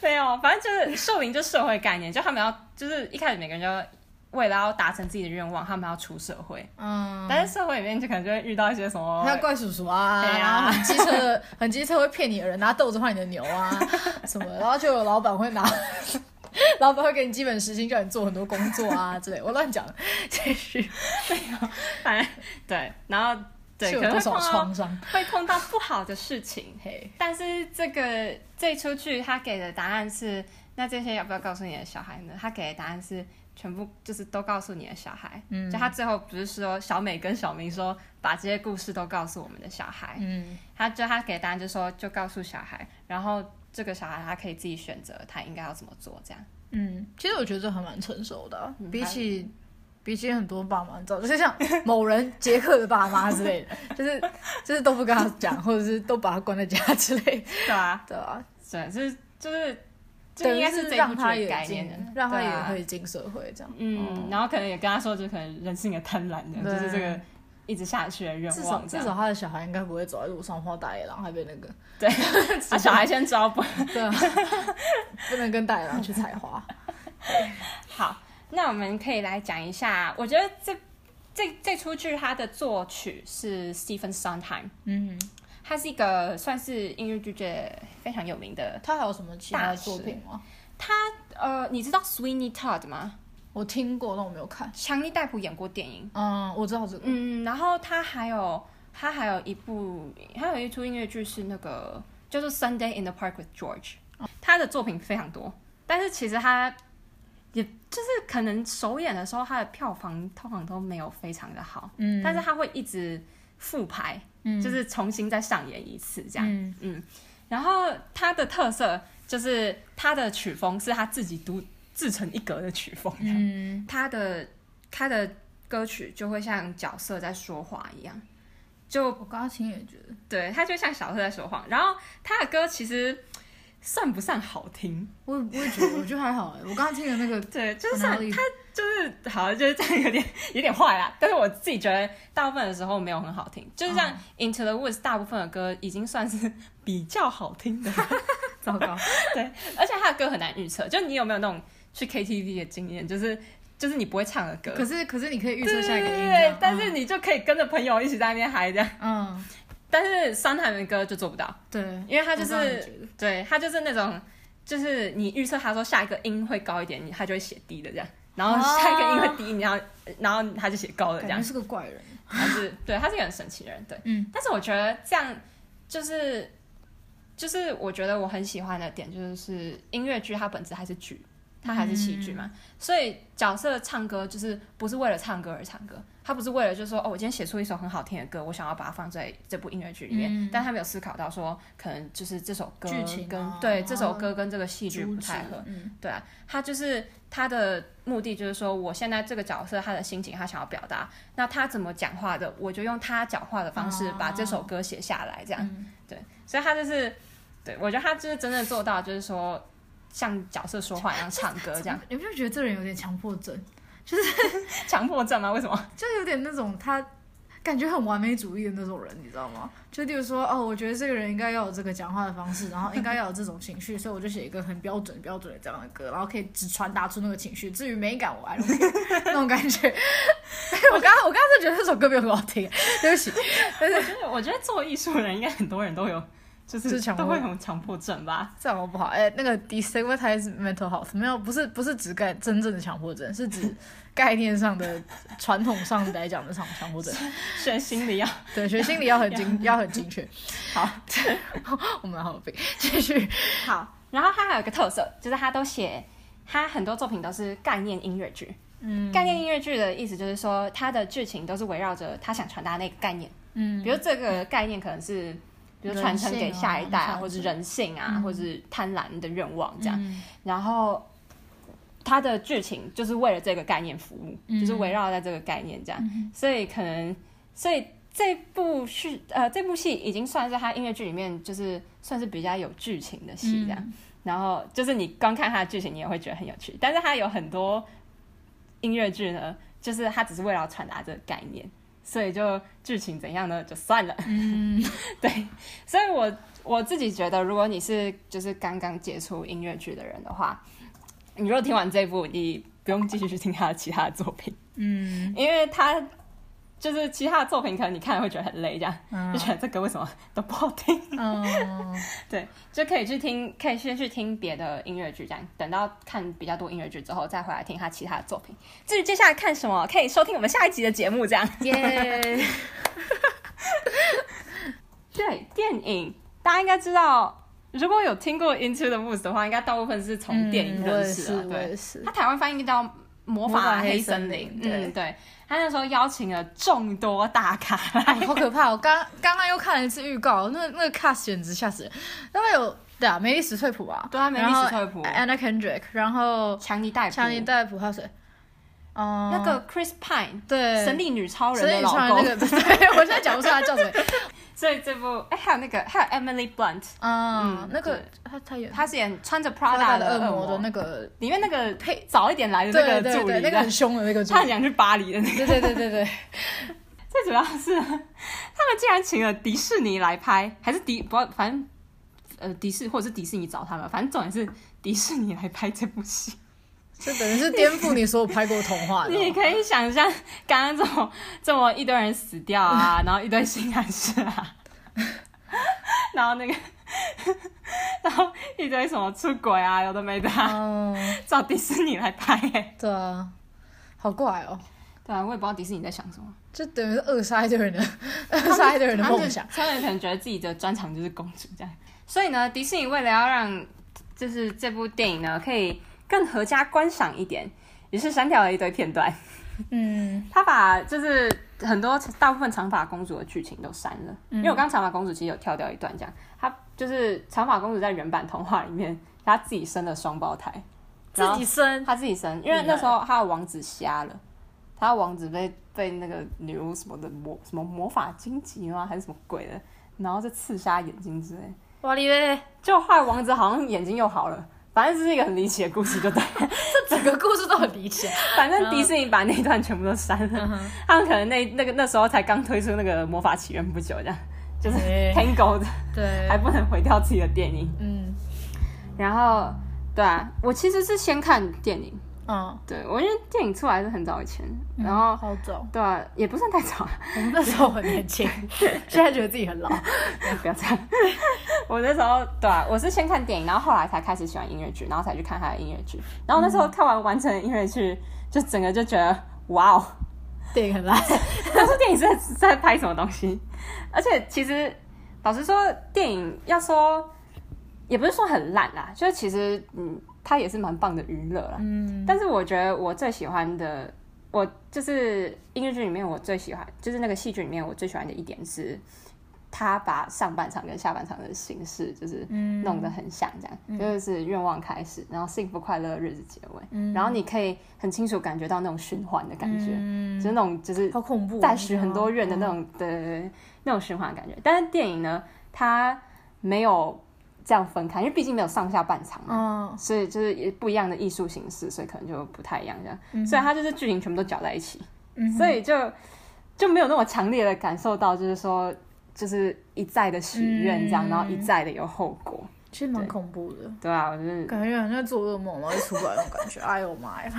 對哦，反正就是說明是。就社會概念，就他們要就是一開始每個人就要。為了要達成自己的願望，他們要出社會，嗯，但是社會裡面就可能就會遇到一些什麼像怪叔叔啊，對呀，很機車很機車會騙你的人，拿豆子換你的牛啊什麼的，然後就有老闆會拿，老闆會給你基本時薪叫你做很多工作啊之類，我亂講，其實，對啊，反正對，然後對，可能會碰到會碰到不好的事情，嘿，但是這個這出劇他給的答案是，那這些要不要告訴你的小孩呢？他給的答案是。全部就是都告訴你的小孩，嗯、就他最後不是說小美跟小明說把這些故事都告訴我們的小孩，嗯，他就他給大家就說就告訴小孩，然後這個小孩他可以自己選擇他應該要怎麼做這樣，嗯，其實我覺得很蠻成熟的、啊，比起、嗯、比起很多爸媽，你知道就像某人傑克的爸媽之類的， 就是就是都不跟他講， 或者是都把他關在家之類的，對啊對啊，對，就是就是。應該是讓他也進，讓他也會進社會這樣。嗯，然後可能也跟他說，就可能人性也貪婪的，就是這個一直下去的願望。至少他的小孩應該不會走在路上或大野狼，還被那個對，啊小孩先抓吧，對，不能跟大野狼去採花。好，那我們可以來講一下，我覺得這這這出劇它的作曲是 Stephen Sondheim。嗯。他是一個算是音樂劇界非常有名的。他還有什麼其他作品嗎？他呃，你知道 Sweeney Todd 嗎？我聽過，但我沒有看。強尼戴普演過電影，嗯，我知道這個。嗯，然後他還有他還有一部，還有一齣音樂劇是那個，就是 Sunday in the Park with George。哦、他的作品非常多，但是其實他也就是可能首演的時候，他的票房通常都沒有非常的好。嗯，但是他會一直。復排，副嗯，就是重新再上演一次，這樣，嗯，嗯，然後他的特色就是他的曲風是他自己獨自成一格的曲風，嗯，他的他的歌曲就會像角色在說話一樣，就我剛剛聽也覺得，對，他就像角色在說話，然後他的歌其實算不算好聽？我我也不會覺得，我覺得還好 我剛剛聽的那個， 對，就是 他。就是好像就是這樣有，有點有點壞啦，但是我自己覺得，大部分的時候沒有很好聽。嗯、就是像 Into the Woods 大部分的歌已經算是比較好聽的。糟糕。 對，而且他的歌很難預測。就是你有沒有那種去 K T V 的經驗？就是就是你不會唱的歌。可是可是你可以預測下一個音。樂，嗯、但是你就可以跟着朋友一起在那邊嗨這樣。嗯。但是桑坦的歌就做不到。對。因為他就是對他就是那種就是你預測他說下一個音會高一點，他就會寫低的這樣。然後下一個音很低，oh. 然後然後他就寫高了，這樣是個怪人，還 是對，他是一個很神奇的人，對，嗯。但是我覺得這樣就是就是我覺得我很喜歡的點，就是音樂劇它本質還是劇，它還是戲劇嘛，嗯、所以角色唱歌就是不是為了唱歌而唱歌。他不是為了就是說哦，我今天寫出一首很好聽的歌，我想要把它放在這部音樂劇裡面。嗯、但他沒有思考到說，可能就是這首歌跟，劇情、啊、跟對、哦、這首歌跟這個戲劇不太合。嗯、對啊，他就是他的目的就是說，我現在這個角色他的心情，他想要表達，那他怎麼講話的，我就用他講話的方式把這首歌寫下來。這樣、哦嗯、對，所以他就是對，我覺得他就是真正做到，就是說像角色說話一樣唱歌這樣。 你不覺得這人有點強迫症？就是強迫症嗎、啊？為什麼？就有點那種他感覺很完美主義的那種人，你知道嗎？就例如說，哦，我覺得這個人應該要有這個講話的方式，然後應該要有這種情緒，所以我就寫一個很標準、標準的這樣的歌，然後可以只傳達出那個情緒。至於美感，我愛 那種感覺。欸、我剛剛 Okay. 我剛剛是覺得這首歌沒有很好聽，對不起。但是我覺，我覺得做藝術的人應該很多人都有，就是，就是強迫症都會有強迫症吧？這樣不好。哎、欸，那個 destigmatize mental health 沒有，不是不是只蓋真正的強迫症，是指。概念上的、傳統上來講的強強迫症，學心理要對，學心理要很精，要很精確。好，我們好有沒？繼續。好，然後他還有個特色，就是他都寫，他很多作品都是概念音樂劇。概念音樂劇的意思就是說，他的劇情都是圍繞着他想傳達那個概念。比如這個概念可能是，比如傳承給下一代，或者人性啊，或者貪婪的願望這樣。然後。他的劇情就是為了這個概念服務，嗯、哼就是圍繞在這個概念這樣，嗯、哼所以可能，所以這部劇呃這部戲已經算是他音樂劇裡面就是算是比較有劇情的戲這樣，嗯、然後就是你光看他的劇情你也會覺得很有趣，但是他有很多音樂劇呢，就是他只是為了傳達這個概念，所以就劇情怎樣呢，就算了，嗯、 對，所以我我自己覺得，如果你是就是剛剛接觸音樂劇的人的話。你如果聽完這部，你不用繼續去聽他的其他的作品，嗯，因為他就是其他的作品，可能你看會覺得很累，這樣、嗯、就覺得這歌為什麼都不好聽，嗯、 對，就可以去聽，可以先去聽別的音樂劇，這樣，等到看比較多音樂劇之後，再回來聽他其他的作品。至於接下來看什麼，可以收聽我們下一集的節目，這樣。耶，對，電影大家應該知道。如果有聽過 Into the Woods 的話，應該大部分是從電影認識。的。是，他台灣翻譯到《魔法黑森林》。對對，他那時候邀請了眾多大咖，好可怕！我剛剛剛又看了一次預告，那那個 cast 簡直嚇死人。他有對啊，梅麗史翠普啊，對，梅麗史翠普，Anna Kendrick，然後強尼戴普，強尼戴普，還有誰？哦，那個 Chris Pine，對，神力女超人，神力女超人那個，對我現在講不出來叫什麼。這這部哎、欸，還有那個，還有 Emily Blunt 嗯，嗯那個對他他演，他是演穿着 Prada 的惡魔的那個，裡面那個配早一點來的那個助理，那個很凶的那個，他很想去巴黎的那個，對對對對，對，最主要是，他們竟然請了迪士尼來拍，還是迪不，反正呃，迪士或者是迪士尼找他們，反正重點是迪士尼來拍這部戲。就等於是顛覆你所有拍過的童話 你可以想象，剛剛這麼這麼一堆人死掉啊， 然後一堆性暗示啊， 然後那個，然後一堆什麼出軌啊，有的沒的、啊，找、oh, 迪士尼來拍哎、欸。對啊，好怪哦、喔。對啊，我也不知道迪士尼在想什麼。就等於是扼殺一堆人的，扼殺一堆人的夢想。他們可能覺得自己的專長就是公主這樣。所以呢，迪士尼為了要讓，就是這部電影呢，可以。更合家觀賞一點，也是刪掉了一堆片段。嗯， 他把就是很多大部分長髮公主的劇情都刪了，嗯、因為我剛長髮公主其實有跳掉一段，這樣，她就是長髮公主在原版童話裡面，她自己生了雙胞胎，自己生，她自己生，因為那時候她的王子瞎了，她的、嗯、王子被被那個女巫什麼的魔什麼魔法荊棘嗎，還是什麼鬼的，然後就刺瞎眼睛之類，哇你喂，就壞王子好像眼睛又好了。反正是一個很離奇的故事，就對了 這整個故事都很離奇。反正迪士尼把那一段全部都刪了後，他們可能那那個那時候才剛推出那個《魔法起源》不久，這樣對就是 tango 的，對，還不能毀掉自己的電影。嗯，然後對啊，我其實是先看電影。嗯，對，我覺得電影出來是很早以前，然後、嗯、好早，對啊，也不算太早，啊，我們那時候很年輕， 是現在覺得自己很老， 不要這樣。 我那時候對、啊、我是先看電影，然後後來才開始喜歡音樂劇，然後才去看他的音樂劇。然後那時候看完完成音樂劇，嗯、就整個就覺得哇哦，電影很爛。 但是電影是在在拍什麼東西？而且其實老實說，電影要說也不是說很爛啦，就是其實嗯。它也是蠻棒的娛樂啦。嗯，但是我覺得我最喜歡的，我就是音樂劇裡面我最喜歡，就是那個戲劇裡面我最喜歡的一點是，他把上半場跟下半場的形式就是弄得很像，這樣、嗯、就是願望開始，嗯、然後幸福快樂日子結尾，嗯、然後你可以很清楚感覺到那種循環的感覺，嗯、就是那種就是好恐怖，暫時很多人的那種的、嗯、那種循環感覺，但是電影呢，它沒有。這樣分開，因為畢竟沒有上下半場嘛，Oh. 所以就是不一樣的藝術形式，所以可能就不太一樣這樣。Mm hmm. 所以它就是劇情全部都攪在一起，mm hmm. 所以就就沒有那麼強烈的感受到，就是說，就是一再的許願這樣，mm hmm. 然後一再的有後果。其實蠻恐怖的，對，對啊，就是、感覺好像做噩夢，然後又出不來那種感覺。 哎呦媽呀！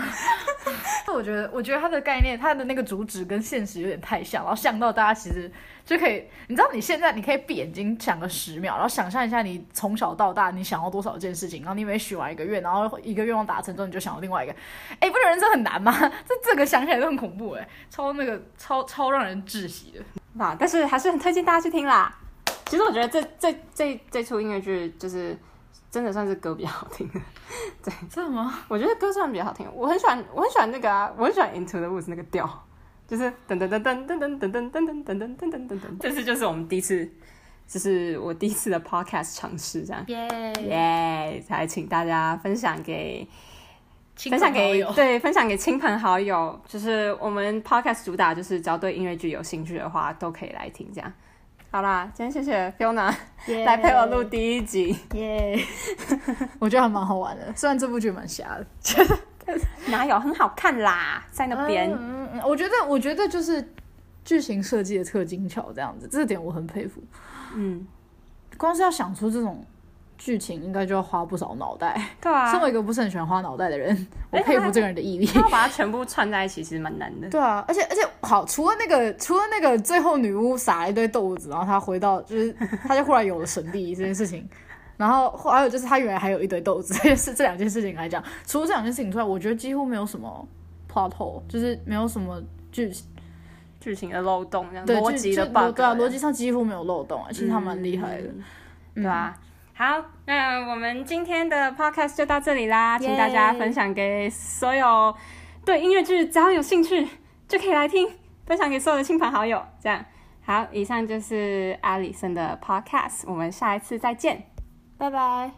但 我覺得，我覺得他的概念，他的那個主旨跟現實有點太像，然後像到大家其實就可以，你知道你現在你可以閉眼睛想個十秒，然後想象一下你從小到大你想要多少件事情，然後你每許完一個願，然後一個願望達成之後你就想要另外一個。哎，不是人生很難嗎？這這個想起來都很恐怖、欸，哎，超那個超超讓人窒息的。那但是還是很推薦大家去聽啦。其實我覺得這這這這齣音樂劇就是真的算是歌比較好聽的，對，真的嗎？我覺得歌算比較好聽，我很喜歡，我很喜歡那個啊，我很喜歡《Into the Woods》那個調，就是噔噔噔噔噔噔噔噔噔噔噔噔噔噔噔噔。這次就是我們第一次，就是我第一次的 Podcast 嘗試，這樣，耶，耶，再來請大家分享給，分享給對，分享給親朋好友，就是我們 Podcast 主打就是只要對音樂劇有興趣的話都可以來聽這樣。好啦，今天謝謝 Fiona yeah, 來陪我錄第一集。耶，Yeah. 我覺得還蠻好玩的，雖然這部劇蠻瞎的，但是， 哪有，很好看啦，在那邊，嗯，我覺得我覺得就是劇情設計的特精巧，這樣子，這點我很佩服。嗯，光是要想出這種。劇情應該就要花不少腦袋。對啊，身為一個不是很喜歡花腦袋的人，欸、我佩服這個人的毅力。他，他把它全部串在一起，其實蠻難的。對啊，而且而且好，除了那個除了那個最後女巫撒了一堆豆子，然後他回到就是他就忽然有了神力這件事情， 然後還有就是他原來還有一堆豆子，是這兩件事情來講，除了這兩件事情之外，我覺得幾乎沒有什麼 plot hole，就是沒有什麼劇劇情的漏洞，邏輯對的 bug 對啊，邏輯上幾乎沒有漏洞，嗯、其實他蠻厲害的，對啊。好，那我們今天的 podcast 就到這裡啦，Yeah. 請大家分享給所有對音樂劇只要有興趣就可以來聽，分享給所有的親朋好友，這樣。好，以上就是阿里森的 podcast，我們下一次再見，拜拜。